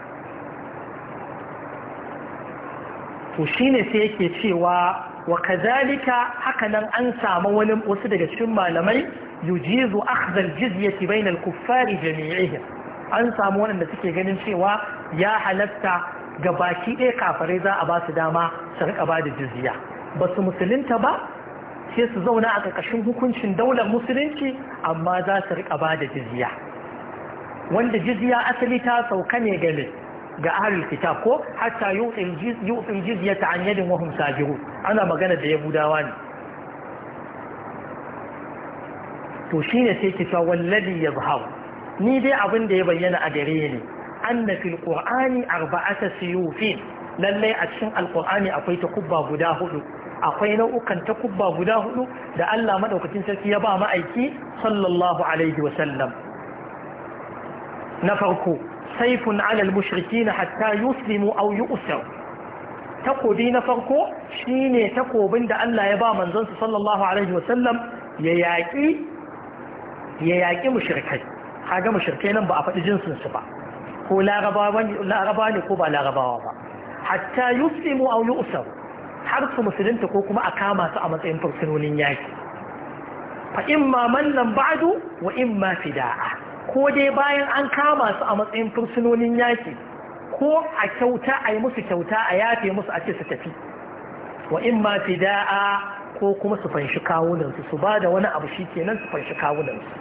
to shi ne sai yake cewa wa kazalika hakanan an samu wani wasu daga cikin malamai yujizu akhdha al-jizyati bayna al-kuffari jami'ihim an samu wanda suke ganin cewa ya halatta ga baki ɗaya kafarai za a ba su dama su rika ba da jizya ba su musulunta ba sai su zauna a ƙarƙashin hukuncin daular musulunci amma za su rika ba da jizya wanda jizya asali ta sauka ne ganin. ga ahlul kitab ko hatta yu'til jizyata an yadin wahum hum ana magana da yahudawa ne to shine sai ki ta ya yazhar ni dai abin da ya bayyana a gare ni anna fil qur'ani arba'ata suyufin lallai a cikin alqur'ani akwai kubba guda hudu akwai nau'ukan kubba guda hudu da Allah madaukakin sarki ya ba ma'aiki sallallahu alaihi wa sallam na farko saifun alal mushriki na hatta yuslimu au yi takobi na farko shine takobin da Allah ya ba manzansa sallallahu alaihi wasallam ya yaƙi ya mushrikai kaga mushrikai nan ba a faɗi jinsinsu ba ko larabawa ne ko ba larabawa ba hatta yuslimu au yu'sar har su musulunta ko kuma a kama su a matsayin fursunonin yaki fa imma mallan ba'du wa imma fida'a ko dai bayan an kama su a matsayin fursunonin yaki ko a kyauta a yi musu kyauta a yafe musu a ce su tafi wa in ma da'a ko kuma su fanshi kawunansu su ba da wani abu shi nan su fanshi kawunansu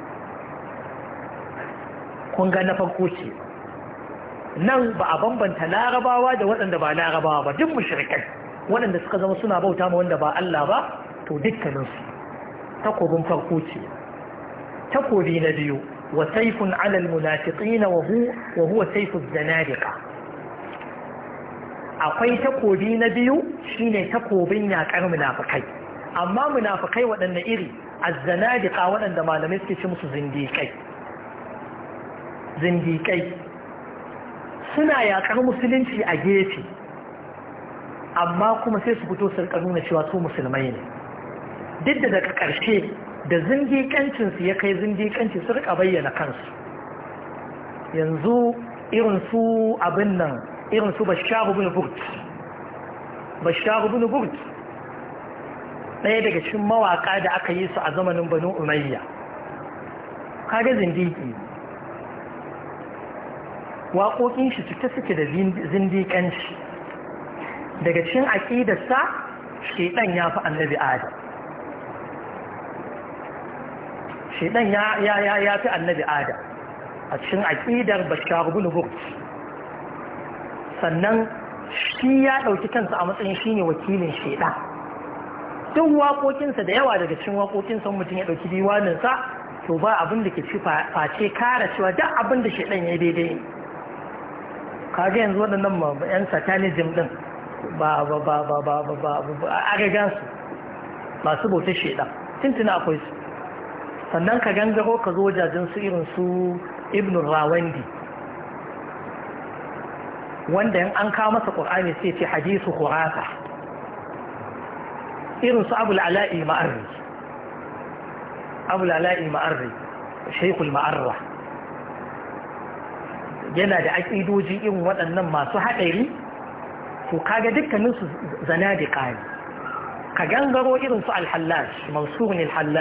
kun ga na farko ce nan ba a bambanta larabawa da waɗanda ba larabawa ba duk mushrikai waɗanda suka zama suna bauta ma wanda ba Allah ba to dukkaninsu takobin farko ce takobi na biyu وسيف على المنافقين وهو, وهو سيف الزنادقة akwai takobi na biyu shine takobin yakar munafikai amma munafikai waɗanne iri azzanadiqa waɗanda malamai suke ci musu zindiƙai zindiƙai suna yakar musulunci a gefe amma kuma sai su fito su rika nuna cewa su musulmai ne duk da daga ƙarshe da zindiƙancinsu ya kai zindiƙanci su rika bayyana kansu yanzu irin su abin nan irin su basharu bin burt basharu burt ɗaya daga cikin mawaƙa da aka yi su a zamanin banu umayya kaga ne. waƙoƙin shi cike suke da zindiƙanci daga cikin aƙidarsa ɗan ya fi annabi adam shedan ya ya fi annabi adam a cikin aƙidar bashar ibn sannan shi ya ɗauki kansa a matsayin shine wakilin shedan duk waƙoƙinsa da yawa daga cikin waƙoƙinsa mutum ya ɗauki diwaninsa to ba abin da ke ci face kara cewa duk abin da shedan ya daidai kaga yanzu waɗannan yan satanism ɗin ba ba ba ba ba ba ba ba masu bautar ba ba akwai su sannan ka gangaro ka zo wajajen su irin su ibn rawandi wanda in an kawo masa ƙur'ani sai ce hadisu khurasa irin su abul ala'i ma'arri abul ala'i ma'arri shaykhul ma'arra yana da aƙidoji irin waɗannan masu haɗari to kaga dukkanin su zanadiqa ne ka gangaro irin su al-hallaj mansur al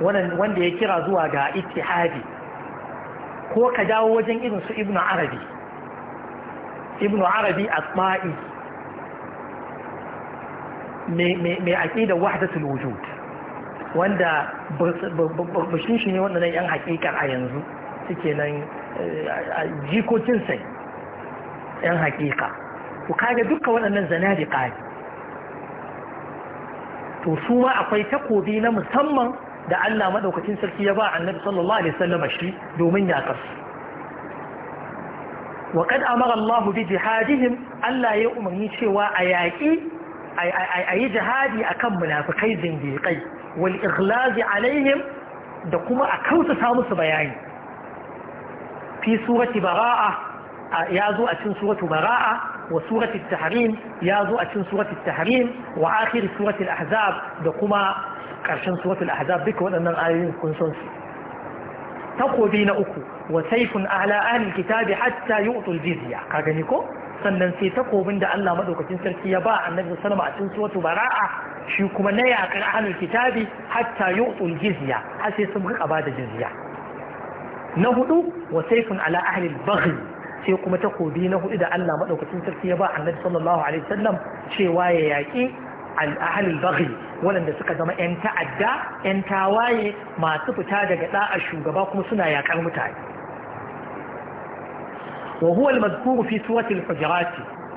wanda ya kira zuwa ga ittihadi ko ka dawo wajen irin su ibnu arabi ibnu arabi asma'i mai aƙidar wahdatul wujud wanda bashin shi ne waɗannan 'yan haƙiƙar a yanzu suke nan eh, jikokin sai 'yan haƙiƙa ku kaga dukkan waɗannan zanadiƙa to su ma akwai takobi na musamman da Allah madaukakin sarki ya ba annabi sallallahu alaihi wasallam shi domin ya wa kad amara Allah bi jihadihim Allah ya umarni cewa a yaƙi a yi jihadi akan munafikai zindiƙai wal ighlazi alaihim da kuma a kautata musu bayani fi surati bara'a ya zo a cikin suratu bara'a وسورة التحريم يازو wa سورة التحريم وآخر سورة da kuma. ƙarshen suratul ahzab duka waɗannan ayoyin kun san su takobi na uku wa saifun ala ahli kitabi hatta yu'tul jizya ka gani ko sannan sai takobin da Allah madaukakin sarki ya ba annabi sallama a cikin suratu bara'a shi kuma na yaƙar ahlul kitabi hatta yu'tul jizya har sai sun rika ba da jizya na hudu wa saifun ala ahli baghi sai kuma takobi na hudu da Allah madaukakin sarki ya ba annabi sallallahu alaihi wasallam cewa ya yaƙi an ahalul waɗanda suka zama 'yan ta'adda 'yan tawaye masu fita daga ɗa'a shugaba kuma suna yakar mutane wa huwa al-madhkuru fi suratul hujurat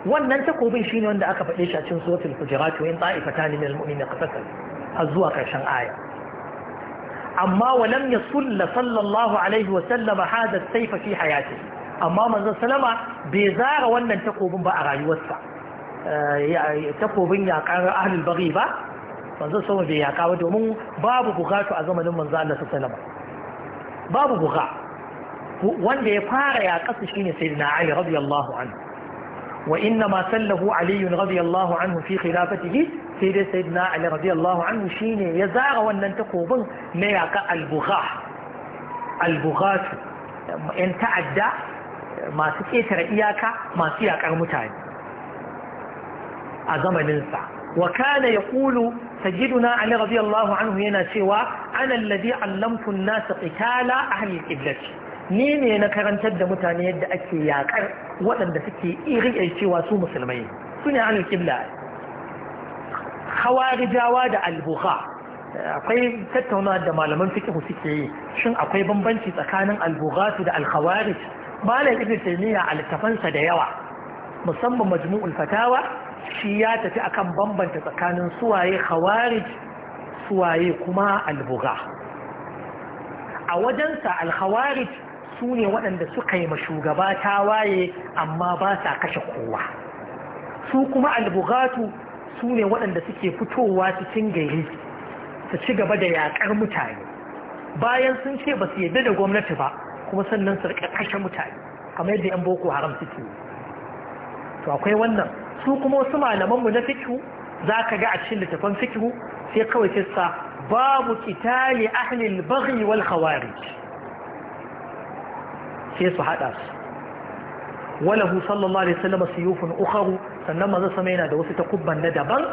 wannan takobin shine wanda aka faɗe shi a cikin suratul hujurat wa in ta'ifatan min al-mu'minina zuwa karshen aya amma wa lam yasulla sallallahu alaihi wa sallama hada as-sayfa fi hayatihi amma manzon salama bai zara wannan takobin ba a rayuwarsa Eh, takobin yaƙar ahlul bari ba manzo sama bai yaka ba domin babu bukatu a zamanin manzo Allah sallallahu alaihi wasallam babu buka wanda ya fara yaƙa su shine sayyidina Ali radiyallahu anhu wa inna ma sallahu Ali radiyallahu anhu fi khilafatihi sai dai sayyidina Ali radiyallahu anhu shine ya zara wannan takobin na yaƙa al-bukha al-bukhatu yan ta'adda masu ƙetare iyaka masu yaƙar mutane a zamaninsa wa kana ya kulu sajiduna ali radiyallahu anhu yana cewa ana alladhi allamtu an-nasa qitala ahli qiblati ni ne na karantar da mutane yadda ake yakar waɗanda suke iri cewa su musulmai su ne ahli qibla khawarijawa da al-bukha akwai tattauna da malaman fikihu suke yi shin akwai bambanci tsakanin albughatu da alkhawarij malam ibn taymiya a littafansa da yawa musamman majmu'ul fatawa shi ya tafi akan bambanta tsakanin suwaye khawarij suwaye kuma albuga a wajensa alkhawarij su ne waɗanda suka yi mashugaba waye amma ba sa kashe kowa su kuma albugatu su ne waɗanda suke fitowa cikin gari su ci gaba da yaƙar mutane bayan sun ce ba su yadda da gwamnati ba kuma sannan su kashe mutane kamar yadda yan boko haram suke to akwai wannan su kuma wasu malaman mu na fikihu za ka ga a cikin littafan fikihu sai kawai kissa babu kitali ahlil baghi wal khawarij sai su hada su walahu sallallahu alaihi wasallam siyufun ukharu sannan manzo sama yana da wasu takubban na daban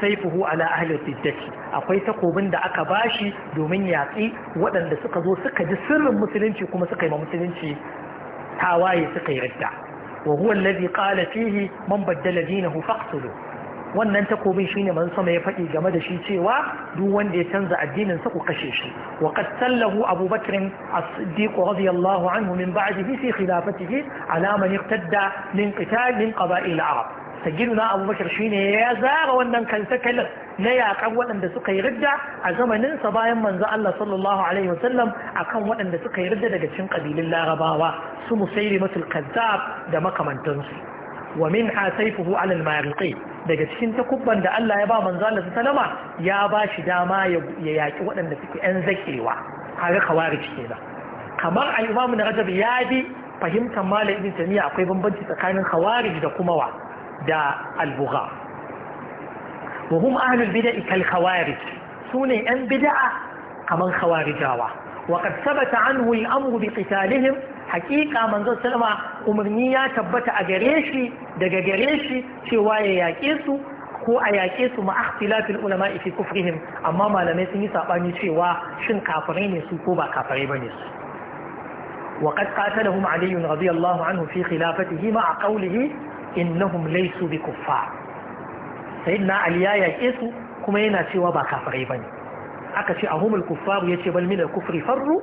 saifuhu ala ahli siddati akwai takobin da aka bashi domin yatsi waɗanda suka zo suka ji sirrin musulunci kuma suka yi ma musulunci tawaye suka yi radda wa huwa alladhi qala fihi man baddala dinahu wannan takobin shine manzo sama ya faɗi game da shi cewa duk wanda ya canza addinin sa ku kashe shi wa qad sallahu Abu Bakr as-Siddiq radiyallahu anhu min ba'dihi fi khilafatihi ala man iqtadda min qital min qaba'il arab sagiruna abubakar shine ya zara wannan kantakalin na yakan waɗanda suka yi ridda a zamaninsa bayan manzo Allah sallallahu alaihi wasallam akan waɗanda suka yi ridda daga cikin kabilun larabawa su musailimatul kazzab da makamantansu wa min hasaifuhu ala al-mariqi daga cikin takubban da Allah ya ba manzo Allah sallama ya ba shi dama ya yaki waɗanda suke yan zakewa kaga kawari kenan kamar al-imam Rajab ya bi fahimtar malam ibn tamiya akwai bambanci tsakanin khawarij da kuma wa da albuga wa hum ahlul bid'a kal khawarij sune an bid'a kaman khawarijawa wa qad thabata anhu al-amr bi qitalihim haqiqa manzo sallama umarni ya tabbata a gare shi daga gare shi cewa ya yake su ko a yake su ma ikhtilaf ulama fi kufrihim amma malamai sun yi sabani cewa shin kafirai ne su ko ba kafirai bane su وقد قاتلهم علي رضي الله عنه في خلافته a قوله innahum laysu bi kuffar sayyidina ali ya yake su kuma yana cewa ba kafirai bane aka ce ahumul kuffar yace bal min al-kufri farru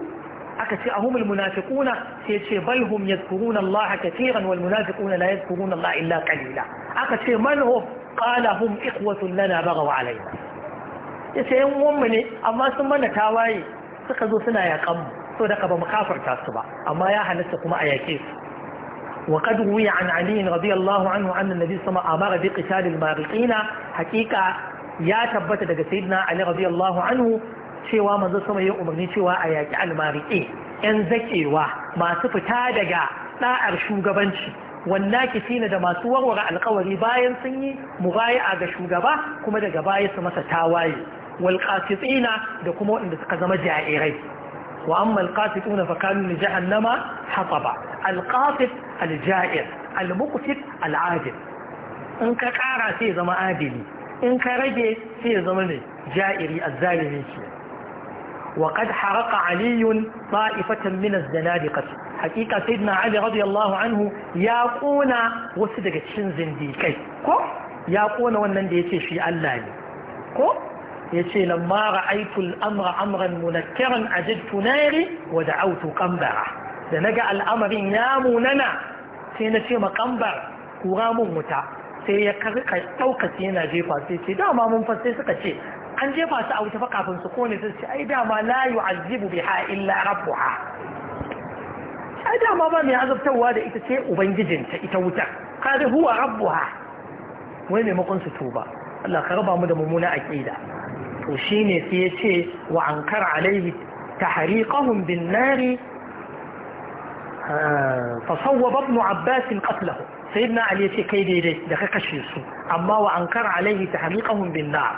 aka ce ahumul munafiquna sai yace bal hum yadhkuruna Allah katiran wal munafiquna la yadhkuruna Allah illa qalila aka ce man hum qala hum ikhwatun lana baghaw alaina yace yan uwanmu ne amma sun mana tawaye suka zo suna yakan mu so da ba mu kafarta su ba amma ya halatta kuma a yake su وقد روي عن علي رضي الله عنه أن النبي صلى الله عليه وسلم أمر بقتال المارقين حقيقة يا تبت دق سيدنا علي رضي الله عنه cewa maza sama ya umarni cewa a yaƙi almarike yan zakewa masu fita daga ɗa'ar shugabanci wanna kisina da masu warware alkawari bayan sun yi mubaya'a ga shugaba kuma daga baya su masa tawaye wal da kuma waɗanda suka zama jairai وأما القاسطون فكانوا لجهنم حطبا القاسط الجائر المقسط العادل إن كقارا سيزم عادلي إن كرجي سيزم جائري الظالمي وقد حرق علي طائفة من الزنادقة حقيقة سيدنا علي رضي الله عنه يقول وسدقت شنزن ديكي كو يقول ونن ديكي في الله كو yace lamma ra'aytu al-amra amran a ajidtu nari wa da'awtu qambara da naga al'amarin ya munana sai na ce makambar kura mun wuta sai ya karka daukace yana jefa sai ce dama mun fa suka ce an jefa su a wuta fa kafin su kone sai ce ai dama la yu'azzibu biha illa rabbuha ai dama ba mai azabtarwa da ita ce ta ita wutar kare huwa rabbuha wai maimakon su tuba Allah ka raba mu da mummuna aqida to shi ne sai ya ce wa an kar ta hariƙahun bin nari fasauwa babnu abbasin ƙaflahu ali ya ce kai daidai da ka kashe su amma wa an kar alaihi ta hariƙahun bin na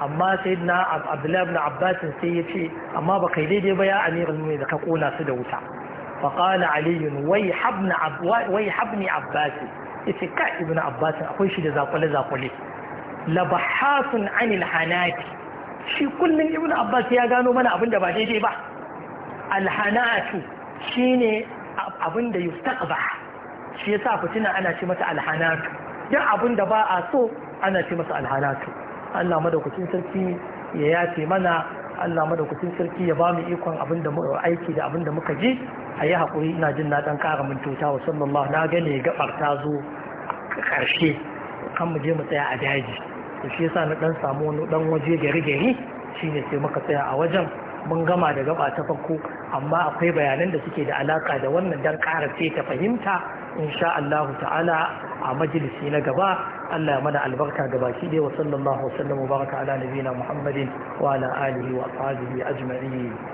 amma sai na abdullabna abbasin ce amma ba kai daidai ba ya amirin ne ka kona su da wuta faƙala aliyun wai habni abbasin ya ce ka ibn akwai shi da zakwale-zakwale labahasun anil hanati shi kullum ibn abbas ya gano mana abin da ba daidai ba alhanatu shine abin da yustaqba shi yasa fitina ana ce mata alhanatu duk abin da ba a so ana ce masa alhanatu Allah madaukakin sarki ya yace mana Allah madaukakin sarki ya ba mu ikon abin da aiki da abin da muka ji a yi haƙuri ina jin na ɗan ƙara tuta wa sallallahu na gane gabar ta zo ƙarshe kan mu je mu tsaya a daji to shi yasa na dan samu wani dan waje gari gari shine sai muka tsaya a wajen mun gama da gaba ta farko amma akwai bayanan da suke da alaka da wannan dan ƙara ce ta fahimta insha Allah ta'ala a majalisi na gaba Allah ya mana albarka ga baki dai wa sallallahu alaihi wa sallam baraka ala nabiyina Muhammadin wa ala alihi wa sahbihi ajma'in